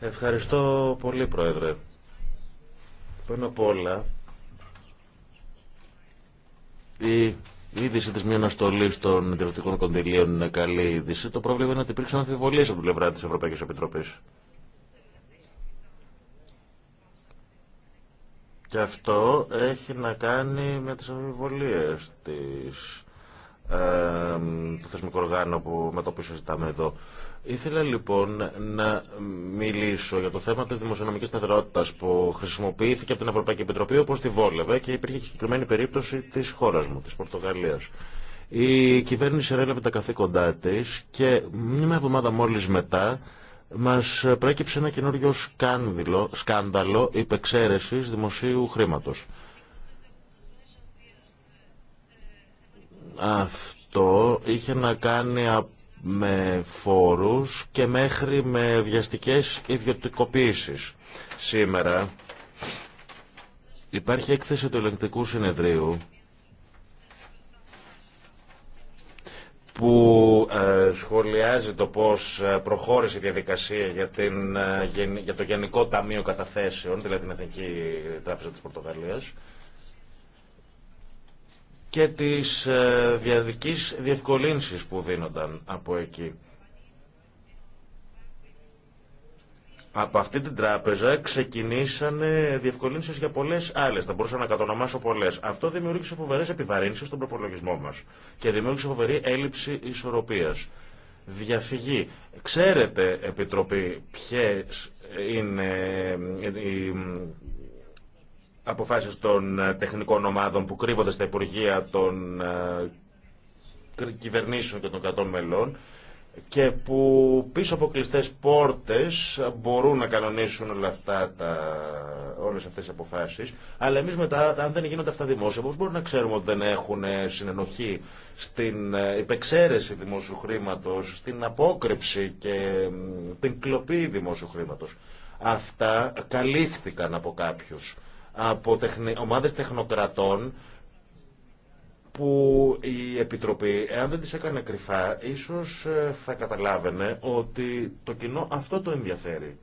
Ευχαριστώ πολύ, Πρόεδρε. Πριν απ' όλα, η η είδηση τη αναστολή των ιδιωτικών κονδυλίων είναι καλή είδηση. Το πρόβλημα είναι ότι υπήρξαν αμφιβολίε από την πλευρά τη Ευρωπαϊκή Επιτροπή. Και αυτό έχει να κάνει με τι αμφιβολίε τη το θεσμικό οργάνο που, με το οποίο συζητάμε εδώ. Ήθελα λοιπόν να μιλήσω για το θέμα της δημοσιονομικής σταθερότητας που χρησιμοποιήθηκε από την Ευρωπαϊκή Επιτροπή όπως τη βόλευε και υπήρχε συγκεκριμένη περίπτωση της χώρας μου, της Πορτογαλίας. Η κυβέρνηση έλαβε τα καθήκοντά της και μια εβδομάδα μόλις μετά μας προέκυψε ένα καινούριο σκάνδαλο, σκάνδαλο δημοσίου χρήματος. Αυτό είχε να κάνει με φόρους και μέχρι με βιαστικές ιδιωτικοποίησεις. Σήμερα υπάρχει έκθεση του ελεγκτικού συνεδρίου που ε, σχολιάζει το πώς ε, προχώρησε η διαδικασία για, την, ε, για το Γενικό Ταμείο Καταθέσεων, δηλαδή την Εθνική Τράπεζα της Πορτογαλίας, και τις ε, διαδικής διευκολύνσεις που δίνονταν από εκεί. Από αυτή την τράπεζα ξεκινήσανε διευκολύνσεις για πολλές άλλες. Θα μπορούσα να κατονομάσω πολλές. Αυτό δημιούργησε φοβερές επιβαρύνσεις στον προπολογισμό μας και δημιούργησε φοβερή έλλειψη ισορροπίας. Διαφυγή. Ξέρετε, Επιτροπή, ποιες είναι οι αποφάσεις των ε, τεχνικών ομάδων που κρύβονται στα Υπουργεία των ε, κυβερνήσεων και των κρατών μελών και που πίσω από κλειστέ πόρτες μπορούν να κανονίσουν όλα αυτά τα, όλες αυτές τις αποφάσεις αλλά εμείς μετά αν δεν γίνονται αυτά δημόσια πώς μπορούμε να ξέρουμε ότι δεν έχουν συνενοχή στην ε, υπεξαίρεση δημόσιου χρήματος στην απόκρυψη και την κλοπή δημόσιου χρήματος αυτά καλύφθηκαν από κάποιους από ομάδες τεχνοκρατών που η Επιτροπή, εάν δεν τις έκανε κρυφά, ίσως ε, θα καταλάβαινε ότι το κοινό αυτό το ενδιαφέρει.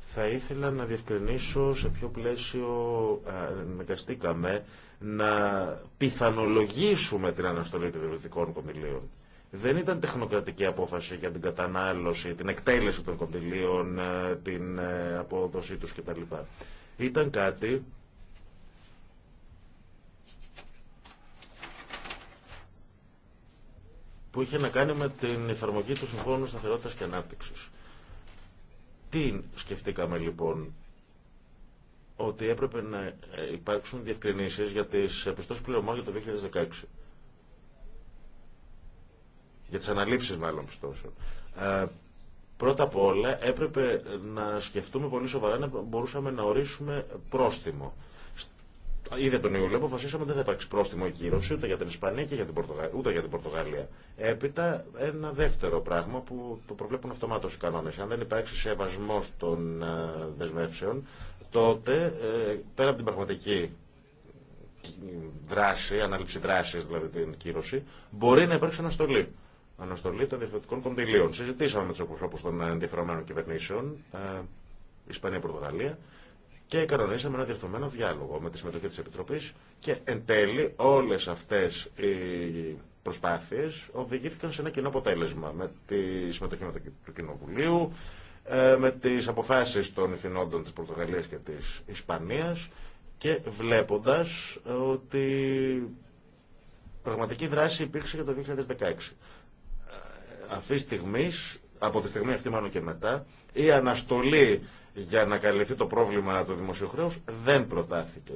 Θα ήθελα να διευκρινίσω σε ποιο πλαίσιο ε, αναγκαστήκαμε να πιθανολογήσουμε την αναστολή των διευθυντικών κονδυλίων. Δεν ήταν τεχνοκρατική απόφαση για την κατανάλωση, την εκτέλεση των κοντιλίων, ε, την απόδοσή τους κτλ. Ήταν κάτι που είχε να κάνει με την εφαρμογή του Συμφώνου Σταθερότητας και Ανάπτυξης. Τι σκεφτήκαμε λοιπόν ότι έπρεπε να υπάρξουν διευκρινήσεις για τις επιστώσεις πληρωμών για το 2016. Για τις αναλήψεις μάλλον πιστώσεων. Ε, Πρώτα απ' όλα έπρεπε να σκεφτούμε πολύ σοβαρά να μπορούσαμε να ορίσουμε πρόστιμο. Είδε τον Ιούλιο, αποφασίσαμε ότι δεν θα υπάρξει πρόστιμο η κύρωση ούτε για την Ισπανία και για την Πορτογαλία, ούτε για την Πορτογαλία. Έπειτα ένα δεύτερο πράγμα που το προβλέπουν αυτομάτως οι κανόνε. Αν δεν υπάρξει σεβασμό των ε, δεσμεύσεων, τότε ε, πέρα από την πραγματική δράση, ανάληψη δράση, δηλαδή την κύρωση, μπορεί να υπάρξει αναστολή αναστολή των διευθυντικών κονδυλίων. Συζητήσαμε με του εκπροσώπου των ε, ενδιαφερομένων κυβερνήσεων, ε, Ισπανία, Πορτογαλία, και κανονίσαμε ένα διερθωμένο διάλογο με τη συμμετοχή τη Επιτροπή και εν τέλει όλε αυτέ οι προσπάθειε οδηγήθηκαν σε ένα κοινό αποτέλεσμα με τη συμμετοχή του Κοινοβουλίου, ε, με τι αποφάσει των ηθινόντων τη Πορτογαλία και τη Ισπανία και βλέποντα ότι πραγματική δράση υπήρξε για το 2016 αυτή τη στιγμή, από τη στιγμή αυτή μάλλον και μετά, η αναστολή για να καλυφθεί το πρόβλημα του δημοσίου δεν προτάθηκε.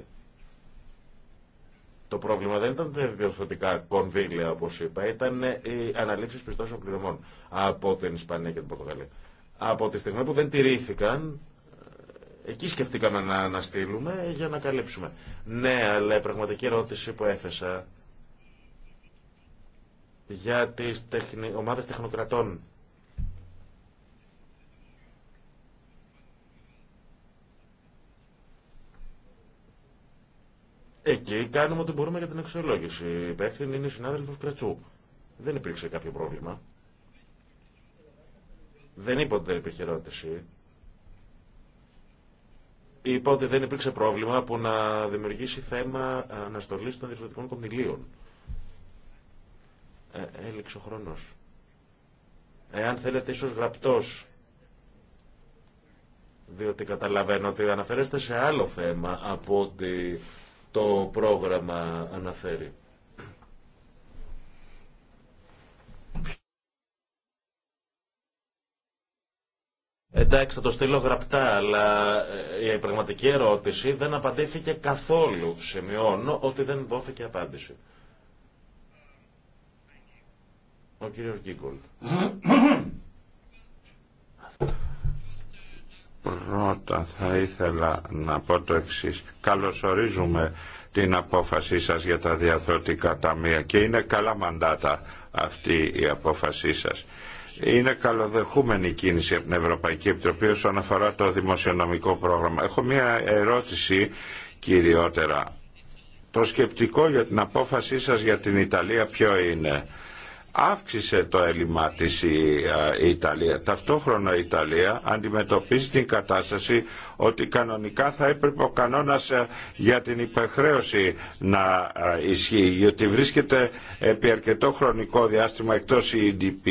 Το πρόβλημα δεν ήταν τα διορθωτικά κονδύλια, όπως είπα, ήταν οι αναλήψεις πιστώσεων πληρωμών από την Ισπανία και την Πορτογαλία. Από τη στιγμή που δεν τηρήθηκαν, εκεί σκεφτήκαμε να αναστείλουμε για να καλύψουμε. Ναι, αλλά η πραγματική ερώτηση που έθεσα για τις τεχνη... ομάδες τεχνοκρατών. Εκεί κάνουμε ό,τι μπορούμε για την αξιολόγηση. Η υπεύθυνη είναι η συνάδελφος Κρατσού. Δεν υπήρξε κάποιο πρόβλημα. Δεν είπα ότι δεν υπήρχε ερώτηση. Είπα ότι δεν υπήρξε πρόβλημα που να δημιουργήσει θέμα αναστολής των διευθυντικών κονδυλίων. Ε, έληξε ο χρόνος. Εάν θέλετε ίσως γραπτός, διότι καταλαβαίνω ότι αναφέρεστε σε άλλο θέμα από ότι το πρόγραμμα αναφέρει. Εντάξει, θα το στείλω γραπτά, αλλά ε, η πραγματική ερώτηση δεν απαντήθηκε καθόλου. Σημειώνω ότι δεν δόθηκε απάντηση. Ο κύριος Γκίγκολ. Πρώτα θα ήθελα να πω το εξής. Καλωσορίζουμε την απόφασή σας για τα διαθροτικά ταμεία και είναι καλά μαντάτα αυτή η απόφασή σας. Είναι καλοδεχούμενη κίνηση από την Ευρωπαϊκή Επιτροπή όσον αφορά το δημοσιονομικό πρόγραμμα. Έχω μια ερώτηση κυριότερα. Το σκεπτικό για την απόφασή σας για την Ιταλία ποιο είναι αύξησε το έλλειμμα της η, Ιταλία. Ταυτόχρονα η Ιταλία αντιμετωπίζει την κατάσταση ότι κανονικά θα έπρεπε ο κανόνας για την υπερχρέωση να ισχύει, γιατί βρίσκεται επί αρκετό χρονικό διάστημα εκτός η e EDP.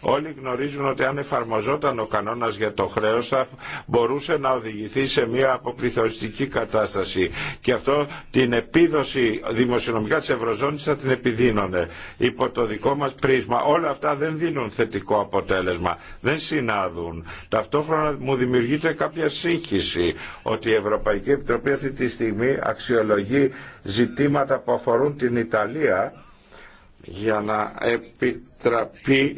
Όλοι γνωρίζουν ότι αν εφαρμοζόταν ο κανόνας για το χρέος θα μπορούσε να οδηγηθεί σε μια αποπληθωριστική κατάσταση και αυτό την επίδοση δημοσιονομικά της Ευρωζώνης θα την επιδίνωνε. Υπό το δικό μας πρίσμα. Όλα αυτά δεν δίνουν θετικό αποτέλεσμα. Δεν συνάδουν. Ταυτόχρονα μου δημιουργείται κάποια σύγχυση ότι η Ευρωπαϊκή Επιτροπή αυτή τη στιγμή αξιολογεί ζητήματα που αφορούν την Ιταλία για να επι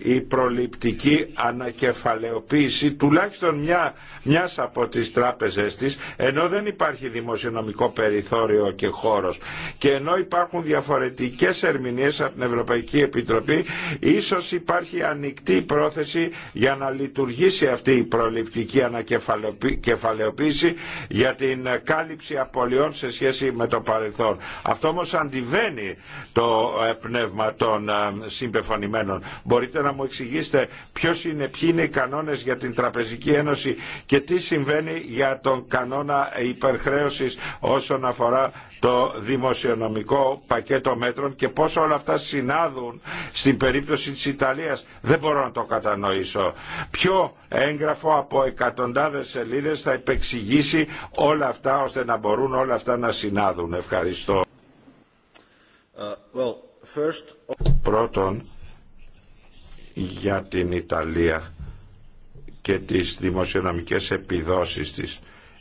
η προληπτική ανακεφαλαιοποίηση τουλάχιστον μια, μιας από τις τράπεζες της ενώ δεν υπάρχει δημοσιονομικό περιθώριο και χώρος και ενώ υπάρχουν διαφορετικές ερμηνείες από την Ευρωπαϊκή Επιτροπή ίσως υπάρχει ανοιχτή πρόθεση για να λειτουργήσει αυτή η προληπτική ανακεφαλαιοποίηση για την κάλυψη απολειών σε σχέση με το παρελθόν. Αυτό όμως αντιβαίνει το ε, πνεύμα των ε, συμπεφωνημένων Μπορείτε να μου εξηγήσετε ποιος είναι, ποιοι είναι οι κανόνες για την Τραπεζική Ένωση και τι συμβαίνει για τον κανόνα υπερχρέωσης όσον αφορά το δημοσιονομικό πακέτο μέτρων και πώς όλα αυτά συνάδουν στην περίπτωση της Ιταλίας. Δεν μπορώ να το κατανοήσω. Ποιο έγγραφο από εκατοντάδες σελίδες θα υπεξηγήσει όλα αυτά ώστε να μπορούν όλα αυτά να συνάδουν. Ευχαριστώ. Uh, Πρώτον, για την Ιταλία και τις δημοσιονομικές επιδόσεις της.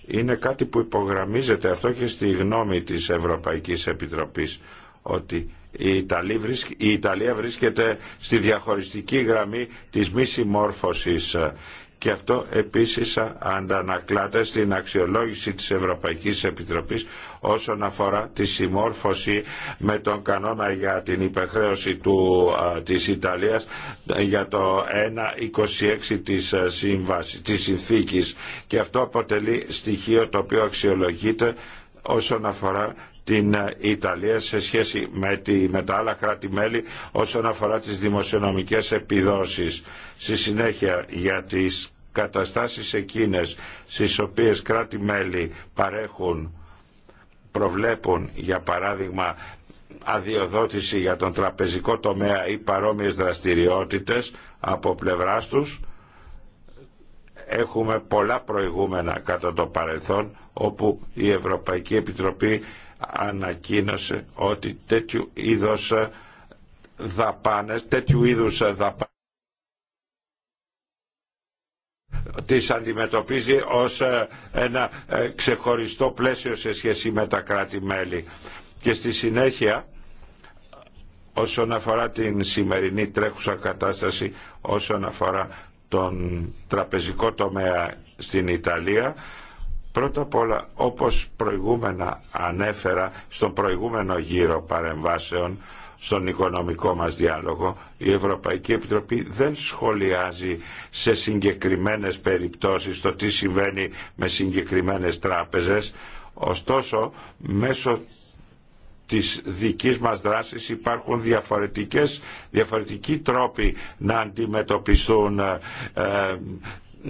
Είναι κάτι που υπογραμμίζεται αυτό και στη γνώμη της Ευρωπαϊκής Επιτροπής ότι η, Ιταλία βρίσκεται στη διαχωριστική γραμμή της μη συμμόρφωσης και αυτό επίσης αντανακλάται στην αξιολόγηση της Ευρωπαϊκής Επιτροπής όσον αφορά τη συμμόρφωση με τον κανόνα για την υπεχρέωση του, της Ιταλίας ε, για το 1.26 της, ε, της συνθήκης και αυτό αποτελεί στοιχείο το οποίο αξιολογείται όσον αφορά την ε, Ιταλία σε σχέση με, τη, με τα άλλα κράτη-μέλη όσον αφορά τις δημοσιονομικές επιδόσεις. Στη συνέχεια για τις καταστάσεις εκείνες στις οποίες κράτη-μέλη παρέχουν, προβλέπουν για παράδειγμα αδειοδότηση για τον τραπεζικό τομέα ή παρόμοιες δραστηριότητες από πλευράς τους έχουμε πολλά προηγούμενα κατά το παρελθόν όπου η Ευρωπαϊκή Επιτροπή ανακοίνωσε ότι τέτοιου είδους ε, δαπάνες, τέτοιου είδους ε, δαπάνες τις αντιμετωπίζει ως ε, ένα ξεχωριστό πλαίσιο σε σχέση με τα κράτη-μέλη. Και στη συνέχεια, όσον αφορά την σημερινή τρέχουσα κατάσταση, όσον αφορά τον τραπεζικό τομέα στην Ιταλία, Πρώτα απ' όλα, όπως προηγούμενα ανέφερα στον προηγούμενο γύρο παρεμβάσεων, στον οικονομικό μας διάλογο, η Ευρωπαϊκή Επιτροπή δεν σχολιάζει σε συγκεκριμένες περιπτώσεις το τι συμβαίνει με συγκεκριμένες τράπεζες. Ωστόσο, μέσω της δικής μας δράσης υπάρχουν διαφορετικές, διαφορετικοί τρόποι να αντιμετωπιστούν ε, ε,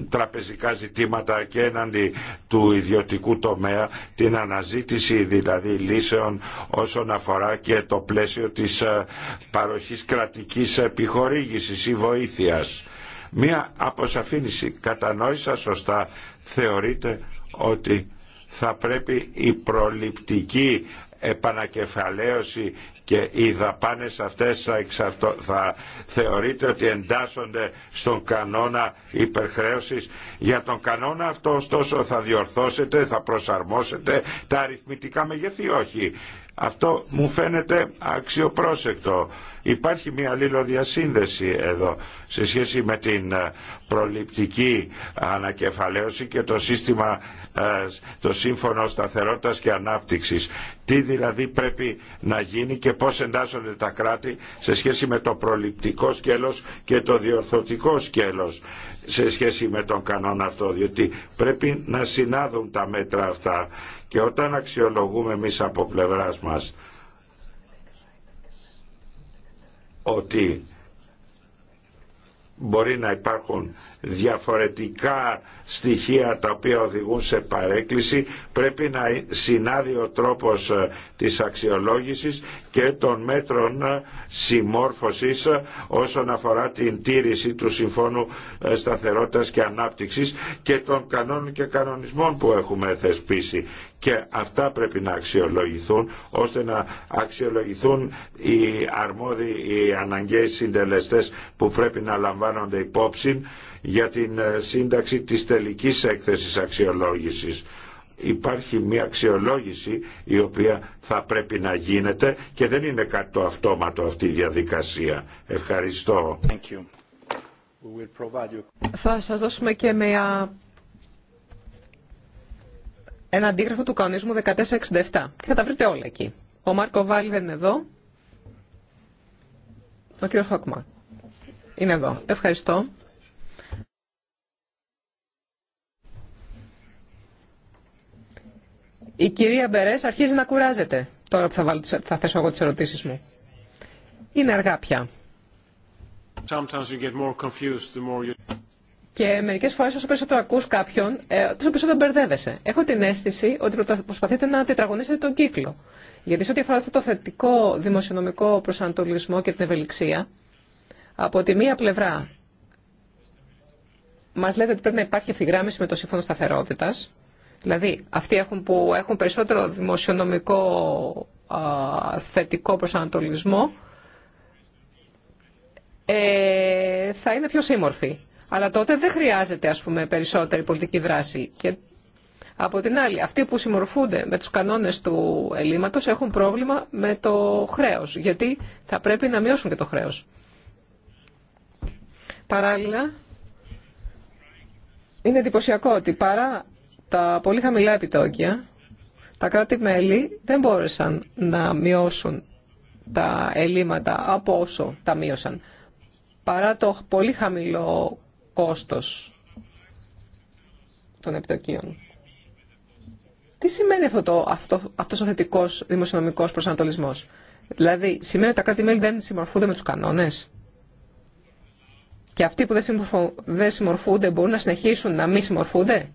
τραπεζικά ζητήματα και έναντι του ιδιωτικού τομέα την αναζήτηση δηλαδή λύσεων όσον αφορά και το πλαίσιο της ε, παροχής κρατικής επιχορήγησης ή βοήθειας. Μία αποσαφήνιση κατανόησα σωστά θεωρείται ότι θα πρέπει η προληπτική επανακεφαλαίωση και οι δαπάνες αυτές θα, εξαρτώ, θα θεωρείται ότι εντάσσονται στον κανόνα υπερχρέωσης. Για τον κανόνα αυτό ωστόσο θα διορθώσετε, θα προσαρμόσετε τα αριθμητικά μεγέθη όχι. Αυτό μου φαίνεται αξιοπρόσεκτο. Υπάρχει μια αλληλοδιασύνδεση εδώ σε σχέση με την ε, προληπτική ανακεφαλαίωση και το σύστημα, ε, το σύμφωνο σταθερότητας και ανάπτυξης. Τι δηλαδή πρέπει να γίνει και πώς εντάσσονται τα κράτη σε σχέση με το προληπτικό σκέλος και το διορθωτικό σκέλος σε σχέση με τον κανόνα αυτό, διότι πρέπει να συνάδουν τα μέτρα αυτά και όταν αξιολογούμε εμείς από πλευράς μας ότι μπορεί να υπάρχουν διαφορετικά στοιχεία τα οποία οδηγούν σε παρέκκληση πρέπει να συνάδει ο τρόπος ε, της αξιολόγησης και των μέτρων ε, συμμόρφωσης ε, όσον αφορά την τήρηση του Συμφώνου Σταθερότητας και Ανάπτυξης και των κανόνων και κανονισμών που έχουμε θεσπίσει και αυτά πρέπει να αξιολογηθούν ώστε να αξιολογηθούν οι αρμόδιοι, οι αναγκαίοι συντελεστές που πρέπει να λαμβάνονται υπόψη για την ε, σύνταξη της τελικής έκθεσης αξιολόγησης υπάρχει μια αξιολόγηση η οποία θα πρέπει να γίνεται και δεν είναι κάτι το αυτόματο αυτή η διαδικασία. Ευχαριστώ. Θα σας δώσουμε και μια ένα αντίγραφο του κανονισμού 1467 και θα τα βρείτε όλα εκεί. Ο Μάρκο Βάλι δεν είναι εδώ. Ο κύριο Χόκμα είναι εδώ. Ευχαριστώ. Η κυρία Μπερές αρχίζει να κουράζεται τώρα που θα, θα θέσω εγώ τι ερωτήσει μου. Είναι αργά πια. Και μερικέ φορέ, όσο περισσότερο ακού κάποιον, ε, τόσο περισσότερο μπερδεύεσαι. Έχω την αίσθηση ότι προσπαθείτε να τετραγωνίσετε τον κύκλο. Γιατί σε ό,τι αφορά αυτό το θετικό δημοσιονομικό προσανατολισμό και την ευελιξία, από τη μία πλευρά μα λέτε ότι πρέπει να υπάρχει ευθυγράμμιση με το σύμφωνο σταθερότητα. Δηλαδή, αυτοί που έχουν περισσότερο δημοσιονομικό θετικό προσανατολισμό, ε, θα είναι πιο σύμμορφοι. Αλλά τότε δεν χρειάζεται, ας πούμε, περισσότερη πολιτική δράση. Και από την άλλη, αυτοί που συμμορφούνται με τους κανόνες του ελλείμματος έχουν πρόβλημα με το χρέος, γιατί θα πρέπει να μειώσουν και το χρέος. Παράλληλα, είναι εντυπωσιακό ότι παρά τα πολύ χαμηλά επιτόκια, τα κράτη-μέλη δεν μπόρεσαν να μειώσουν τα ελλείμματα από όσο τα μείωσαν. Παρά το πολύ χαμηλό κόστος των επιτοκίων. Τι σημαίνει αυτό αυτό, αυτός ο θετικός δημοσιονομικός προσανατολισμός. Δηλαδή, σημαίνει ότι τα κράτη-μέλη δεν συμμορφούνται με τους κανόνες. Και αυτοί που δεν συμμορφούνται μπορούν να συνεχίσουν να μην συμμορφούνται.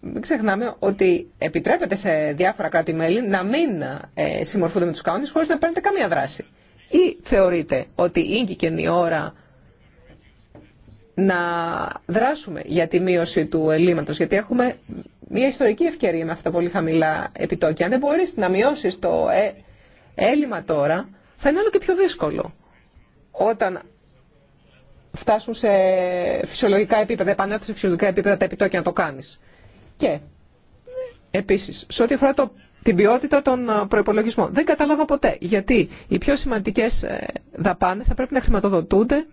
Μην ξεχνάμε ότι επιτρέπεται σε διάφορα κράτη-μέλη να μην ε, συμμορφούνται με τους κανόνες χωρίς να παίρνετε καμία δράση. Ή θεωρείτε ότι ηγηκε η ώρα να δράσουμε για τη μείωση του ελλείμματος, γιατί έχουμε μια ιστορική ευκαιρία με αυτά τα πολύ χαμηλά επιτόκια. Αν δεν μπορείς να μειώσεις το ε, έλλειμμα τώρα, θα είναι όλο και πιο δύσκολο. Όταν φτάσουν σε φυσιολογικά επίπεδα, επανέλθουν σε φυσιολογικά επίπεδα τα επιτόκια να το κάνεις. Και επίσης, σε ό,τι αφορά το, την ποιότητα των ε, προπολογισμών, δεν κατάλαβα ποτέ γιατί οι πιο σημαντικές ε, δαπάνες θα πρέπει να χρηματοδοτούνται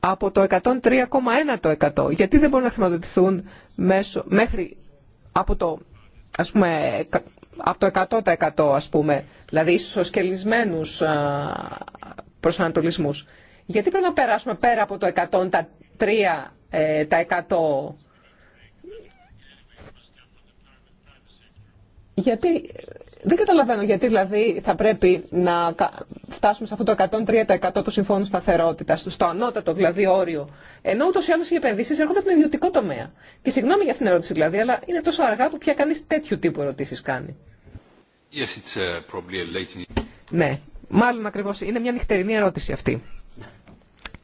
από το 103,1%. Γιατί δεν μπορούν να χρηματοδοτηθούν μέχρι από το, ας πούμε, από το 100% ας πούμε, δηλαδή σκελισμένους προσανατολισμούς. Γιατί πρέπει να περάσουμε πέρα από το 103% ε, Γιατί δεν καταλαβαίνω γιατί δηλαδή θα πρέπει να φτάσουμε σε αυτό το 103% του συμφώνου σταθερότητα, στο ανώτατο δηλαδή όριο, ενώ ούτω ή άλλω οι επενδύσει έρχονται από τον ιδιωτικό τομέα. Και συγγνώμη για αυτήν την ερώτηση δηλαδή, αλλά είναι τόσο αργά που πια κανεί τέτοιου τύπου ερωτήσει κάνει. Yes, it's uh, Ναι, μάλλον ακριβώ είναι μια νυχτερινή ερώτηση αυτή.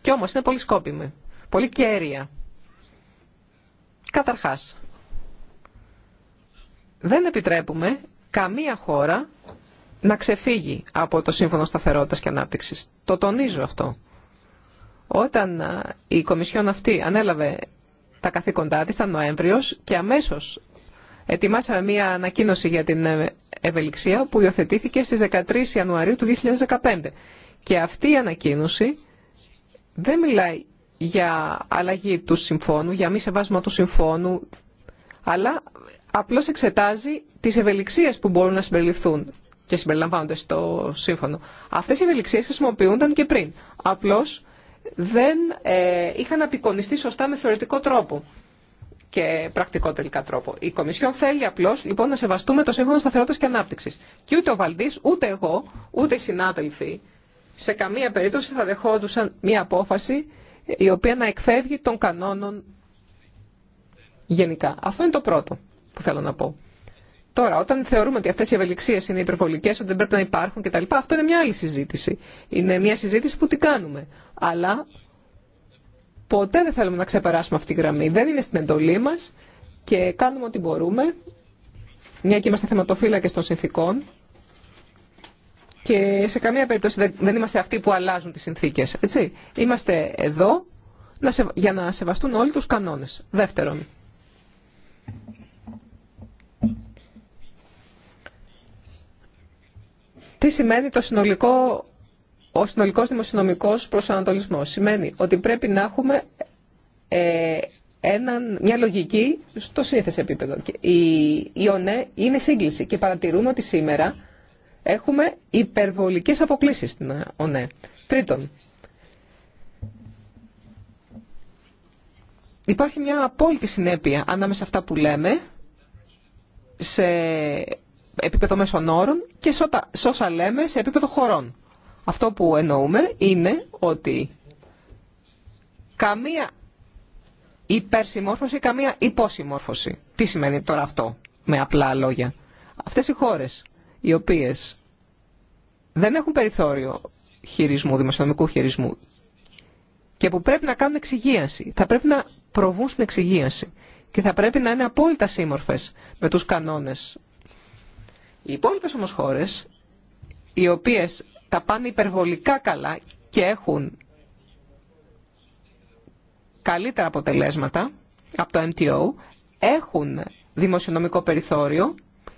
Και όμω είναι πολύ σκόπιμη, πολύ κέρια. Καταρχά, δεν επιτρέπουμε καμία χώρα να ξεφύγει από το Σύμφωνο Σταθερότητας και Ανάπτυξης. Το τονίζω αυτό. Όταν η Κομισιόν αυτή ανέλαβε τα καθήκοντά της, ήταν Νοέμβριος και αμέσως ετοιμάσαμε μία ανακοίνωση για την ε, ευελιξία που υιοθετήθηκε στις 13 Ιανουαρίου του 2015. Και αυτή η ανακοίνωση δεν μιλάει για αλλαγή του συμφώνου, για μη σεβάσμα του συμφώνου, αλλά απλώς εξετάζει τις ευελιξίες που μπορούν να συμπεριληφθούν και συμπεριλαμβάνονται στο σύμφωνο. Αυτές οι ευελιξίες χρησιμοποιούνταν και πριν. Απλώς δεν ε, είχαν απεικονιστεί σωστά με θεωρητικό τρόπο και πρακτικό τελικά τρόπο. Η Κομισιόν θέλει απλώ λοιπόν να σεβαστούμε το Σύμφωνο Σταθερότητα και Ανάπτυξη. Και ούτε ο Βαλντή, ούτε εγώ, ούτε οι συνάδελφοι σε καμία περίπτωση θα δεχόντουσαν μία απόφαση η οποία να εκφεύγει των κανόνων γενικά. Αυτό είναι το πρώτο που θέλω να πω. Τώρα, όταν θεωρούμε ότι αυτέ οι ευελιξίε είναι υπερβολικέ, ότι δεν πρέπει να υπάρχουν κτλ., αυτό είναι μια άλλη συζήτηση. Είναι μια συζήτηση που τι κάνουμε. Αλλά ποτέ δεν θέλουμε να ξεπεράσουμε αυτή τη γραμμή. Δεν είναι στην εντολή μα και κάνουμε ό,τι μπορούμε, μια και είμαστε θεματοφύλακε των συνθήκων. Και σε καμία περίπτωση δεν είμαστε αυτοί που αλλάζουν τι συνθήκε. Είμαστε εδώ για να σεβαστούν όλοι του κανόνε. Δεύτερον, Τι σημαίνει το συνολικό, ο συνολικός δημοσιονομικός προσανατολισμός. Σημαίνει ότι πρέπει να έχουμε ε, έναν, μια λογική στο σύνθεση επίπεδο. Η, η ΟΝΕ είναι σύγκληση και παρατηρούμε ότι σήμερα έχουμε υπερβολικές αποκλήσεις στην ΟΝΕ. Τρίτον, υπάρχει μια απόλυτη συνέπεια ανάμεσα αυτά που λέμε σε επίπεδο μέσων όρων και σε όσα λέμε σε επίπεδο χωρών. Αυτό που εννοούμε είναι ότι καμία υπερσημόρφωση, καμία υπόσημόρφωση. Τι σημαίνει τώρα αυτό με απλά λόγια. Αυτές οι χώρες οι οποίες δεν έχουν περιθώριο χειρισμού, δημοσιονομικού χειρισμού και που πρέπει να κάνουν εξυγίαση, θα πρέπει να προβούν στην εξυγίαση και θα πρέπει να είναι απόλυτα σύμμορφες με τους κανόνες οι υπόλοιπε όμω χώρε, οι οποίες τα πάνε υπερβολικά καλά και έχουν καλύτερα αποτελέσματα από το MTO, έχουν δημοσιονομικό περιθώριο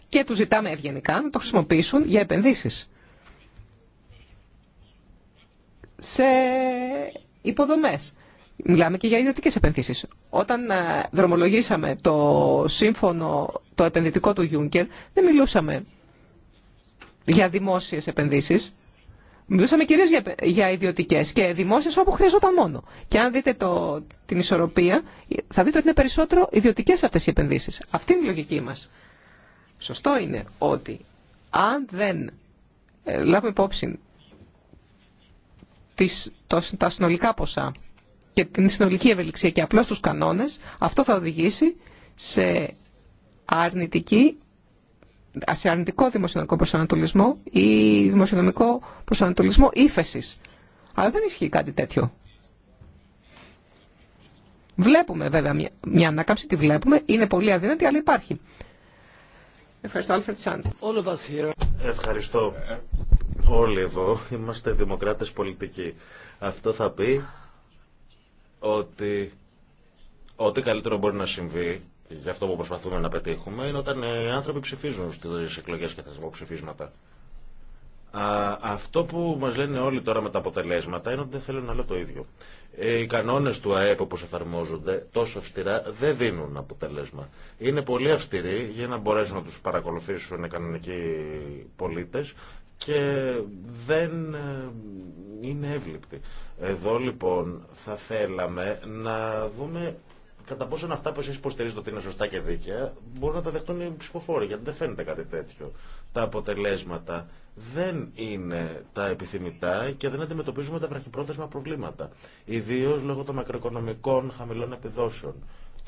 και τους ζητάμε ευγενικά να το χρησιμοποιήσουν για επενδύσεις. Σε υποδομές. Μιλάμε και για ιδιωτικές επενδύσεις. Όταν ε, δρομολογήσαμε το σύμφωνο, το επενδυτικό του Juncker, δεν μιλούσαμε για δημόσιες επενδύσεις. Μιλούσαμε κυρίως για, για ιδιωτικές και δημόσιες όπου χρειαζόταν μόνο. Και αν δείτε το, την ισορροπία θα δείτε ότι είναι περισσότερο ιδιωτικές αυτές οι επενδύσεις. Αυτή είναι η λογική μας. Σωστό είναι ότι αν δεν ε, λάβουμε υπόψη τις, το, τα συνολικά ποσά και την συνολική ευελιξία και απλώς τους κανόνες, αυτό θα οδηγήσει σε αρνητική σε αρνητικό δημοσιονομικό προσανατολισμό ή δημοσιονομικό προσανατολισμό ύφεση. Αλλά δεν ισχύει κάτι τέτοιο. Βλέπουμε βέβαια μια, μια ανάκαμψη, τη βλέπουμε, είναι πολύ αδύνατη, αλλά υπάρχει. Ευχαριστώ, Άλφερτ Σάντ. Ευχαριστώ. Όλοι εδώ είμαστε δημοκράτες πολιτικοί. Αυτό θα πει ότι ό,τι καλύτερο μπορεί να συμβεί για αυτό που προσπαθούμε να πετύχουμε είναι όταν ε, οι άνθρωποι ψηφίζουν στι εκλογέ και τα ψηφίσματα. αυτό που μας λένε όλοι τώρα με τα αποτελέσματα είναι ότι δεν θέλουν άλλο το ίδιο. Ε, οι κανόνες του ΑΕΠ όπως εφαρμόζονται τόσο αυστηρά δεν δίνουν αποτέλεσμα. Είναι πολύ αυστηροί για να μπορέσουν να τους παρακολουθήσουν οι κανονικοί πολίτες και δεν ε, είναι εύληπτοι. Εδώ λοιπόν θα θέλαμε να δούμε κατά πόσο αυτά που εσεί υποστηρίζετε ότι είναι σωστά και δίκαια μπορούν να τα δεχτούν οι ψηφοφόροι, γιατί δεν φαίνεται κάτι τέτοιο. Τα αποτελέσματα δεν είναι τα επιθυμητά και δεν αντιμετωπίζουμε τα βραχυπρόθεσμα προβλήματα. Ιδίω λόγω των μακροοικονομικών χαμηλών επιδόσεων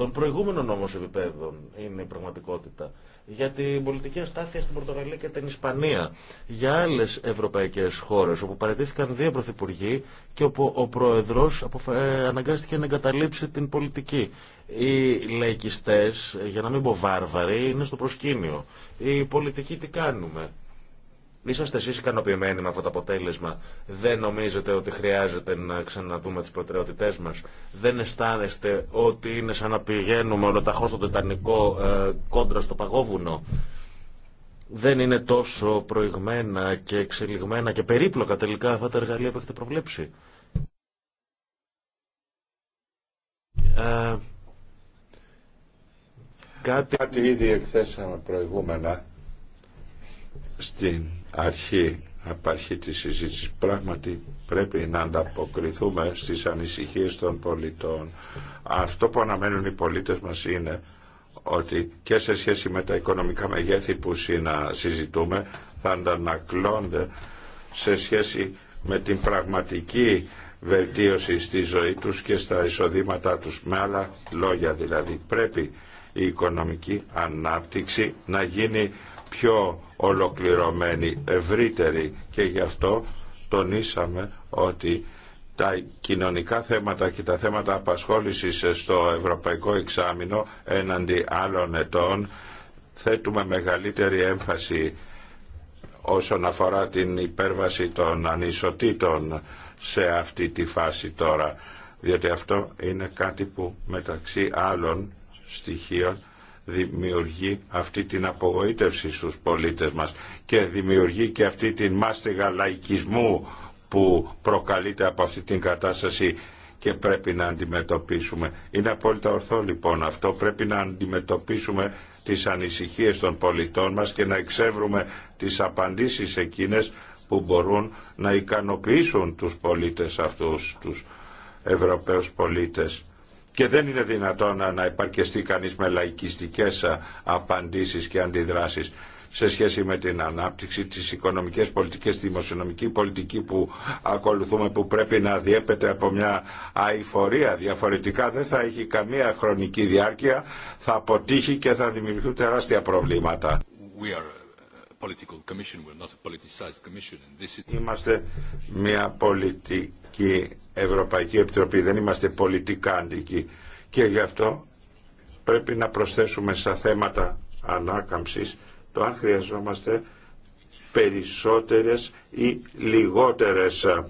των προηγούμενων όμω επιπέδων είναι η πραγματικότητα. Για την πολιτική αστάθεια στην Πορτογαλία και την Ισπανία. Για άλλε ευρωπαϊκέ χώρε όπου παρατήθηκαν δύο πρωθυπουργοί και όπου ο πρόεδρο ε, αναγκάστηκε να εγκαταλείψει την πολιτική. Οι λαϊκιστέ, για να μην πω βάρβαροι, είναι στο προσκήνιο. Οι πολιτικοί τι κάνουμε. Είσαστε εσεί ικανοποιημένοι με αυτό το αποτέλεσμα. Δεν νομίζετε ότι χρειάζεται να ξαναδούμε τι προτεραιότητέ μα. Δεν αισθάνεστε ότι είναι σαν να πηγαίνουμε ολοταχώ στο Τετανικό ε, κόντρα στο παγόβουνο. Δεν είναι τόσο προηγμένα και εξελιγμένα και περίπλοκα τελικά αυτά τα εργαλεία που έχετε προβλέψει. Ε, κάτι ήδη εκθέσαμε προηγούμενα στην αρχή από αρχή της συζήτησης πράγματι πρέπει να ανταποκριθούμε στις ανησυχίες των πολιτών αυτό που αναμένουν οι πολίτες μας είναι ότι και σε σχέση με τα οικονομικά μεγέθη που συζητούμε θα αντανακλώνται σε σχέση με την πραγματική βελτίωση στη ζωή τους και στα εισοδήματά τους με άλλα λόγια δηλαδή πρέπει η οικονομική ανάπτυξη να γίνει πιο ολοκληρωμένη, ευρύτερη και γι' αυτό τονίσαμε ότι τα κοινωνικά θέματα και τα θέματα απασχόλησης στο Ευρωπαϊκό Εξάμεινο έναντι άλλων ετών θέτουμε μεγαλύτερη έμφαση όσον αφορά την υπέρβαση των ανισοτήτων σε αυτή τη φάση τώρα διότι αυτό είναι κάτι που μεταξύ άλλων στοιχείων δημιουργεί αυτή την απογοήτευση στους πολίτες μας και δημιουργεί και αυτή την μάστιγα λαϊκισμού που προκαλείται από αυτή την κατάσταση και πρέπει να αντιμετωπίσουμε. Είναι απόλυτα ορθό λοιπόν αυτό. Πρέπει να αντιμετωπίσουμε τις ανησυχίες των πολιτών μας και να εξεύρουμε τις απαντήσεις εκείνες που μπορούν να ικανοποιήσουν τους πολίτες αυτούς, τους Ευρωπαίους πολίτες και δεν είναι δυνατόν να υπαρκεστεί κανείς με λαϊκιστικές απαντήσεις και αντιδράσεις σε σχέση με την ανάπτυξη, της οικονομικής πολιτικής, τη δημοσιονομική πολιτική που ακολουθούμε που πρέπει να διέπεται από μια αηφορία. Διαφορετικά δεν θα έχει καμία χρονική διάρκεια, θα αποτύχει και θα δημιουργηθούν τεράστια προβλήματα. Είμαστε μια πολιτική η Ευρωπαϊκή Επιτροπή, δεν είμαστε πολιτικά αντικοί. Και γι' αυτό πρέπει να προσθέσουμε στα θέματα ανάκαμψης το αν χρειαζόμαστε περισσότερες ή λιγότερες ε,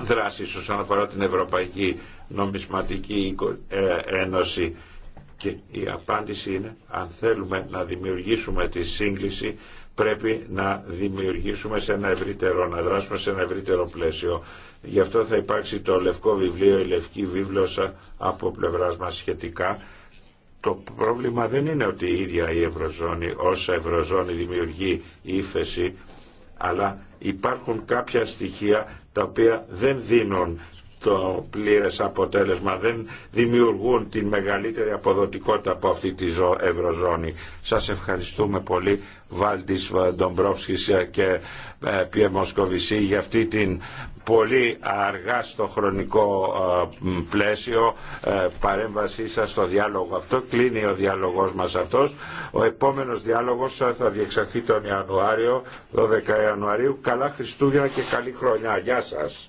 δράσεις όσον αφορά την Ευρωπαϊκή Νομισματική ε, Ένωση. Και η απάντηση είναι αν θέλουμε να δημιουργήσουμε τη σύγκληση πρέπει να δημιουργήσουμε σε ένα ευρύτερο, να δράσουμε σε ένα ευρύτερο πλαίσιο. Γι' αυτό θα υπάρξει το λευκό βιβλίο, η λευκή Βίβλωσα από πλευράς μας σχετικά. Το πρόβλημα δεν είναι ότι η ίδια η Ευρωζώνη, όσα Ευρωζώνη δημιουργεί ύφεση, αλλά υπάρχουν κάποια στοιχεία τα οποία δεν δίνουν το πλήρες αποτέλεσμα, δεν δημιουργούν την μεγαλύτερη αποδοτικότητα από αυτή τη Ευρωζώνη. Σας ευχαριστούμε πολύ Βάλτης Ντομπρόφσκης και ε, Πιε για αυτή την πολύ αργά στο χρονικό ε, πλαίσιο ε, παρέμβασή σας στο διάλογο αυτό. Κλείνει ο διάλογος μας αυτός. Ο επόμενος διάλογος θα διεξαχθεί τον Ιανουάριο, 12 Ιανουαρίου. Καλά Χριστούγεννα και καλή χρονιά. Γεια σας.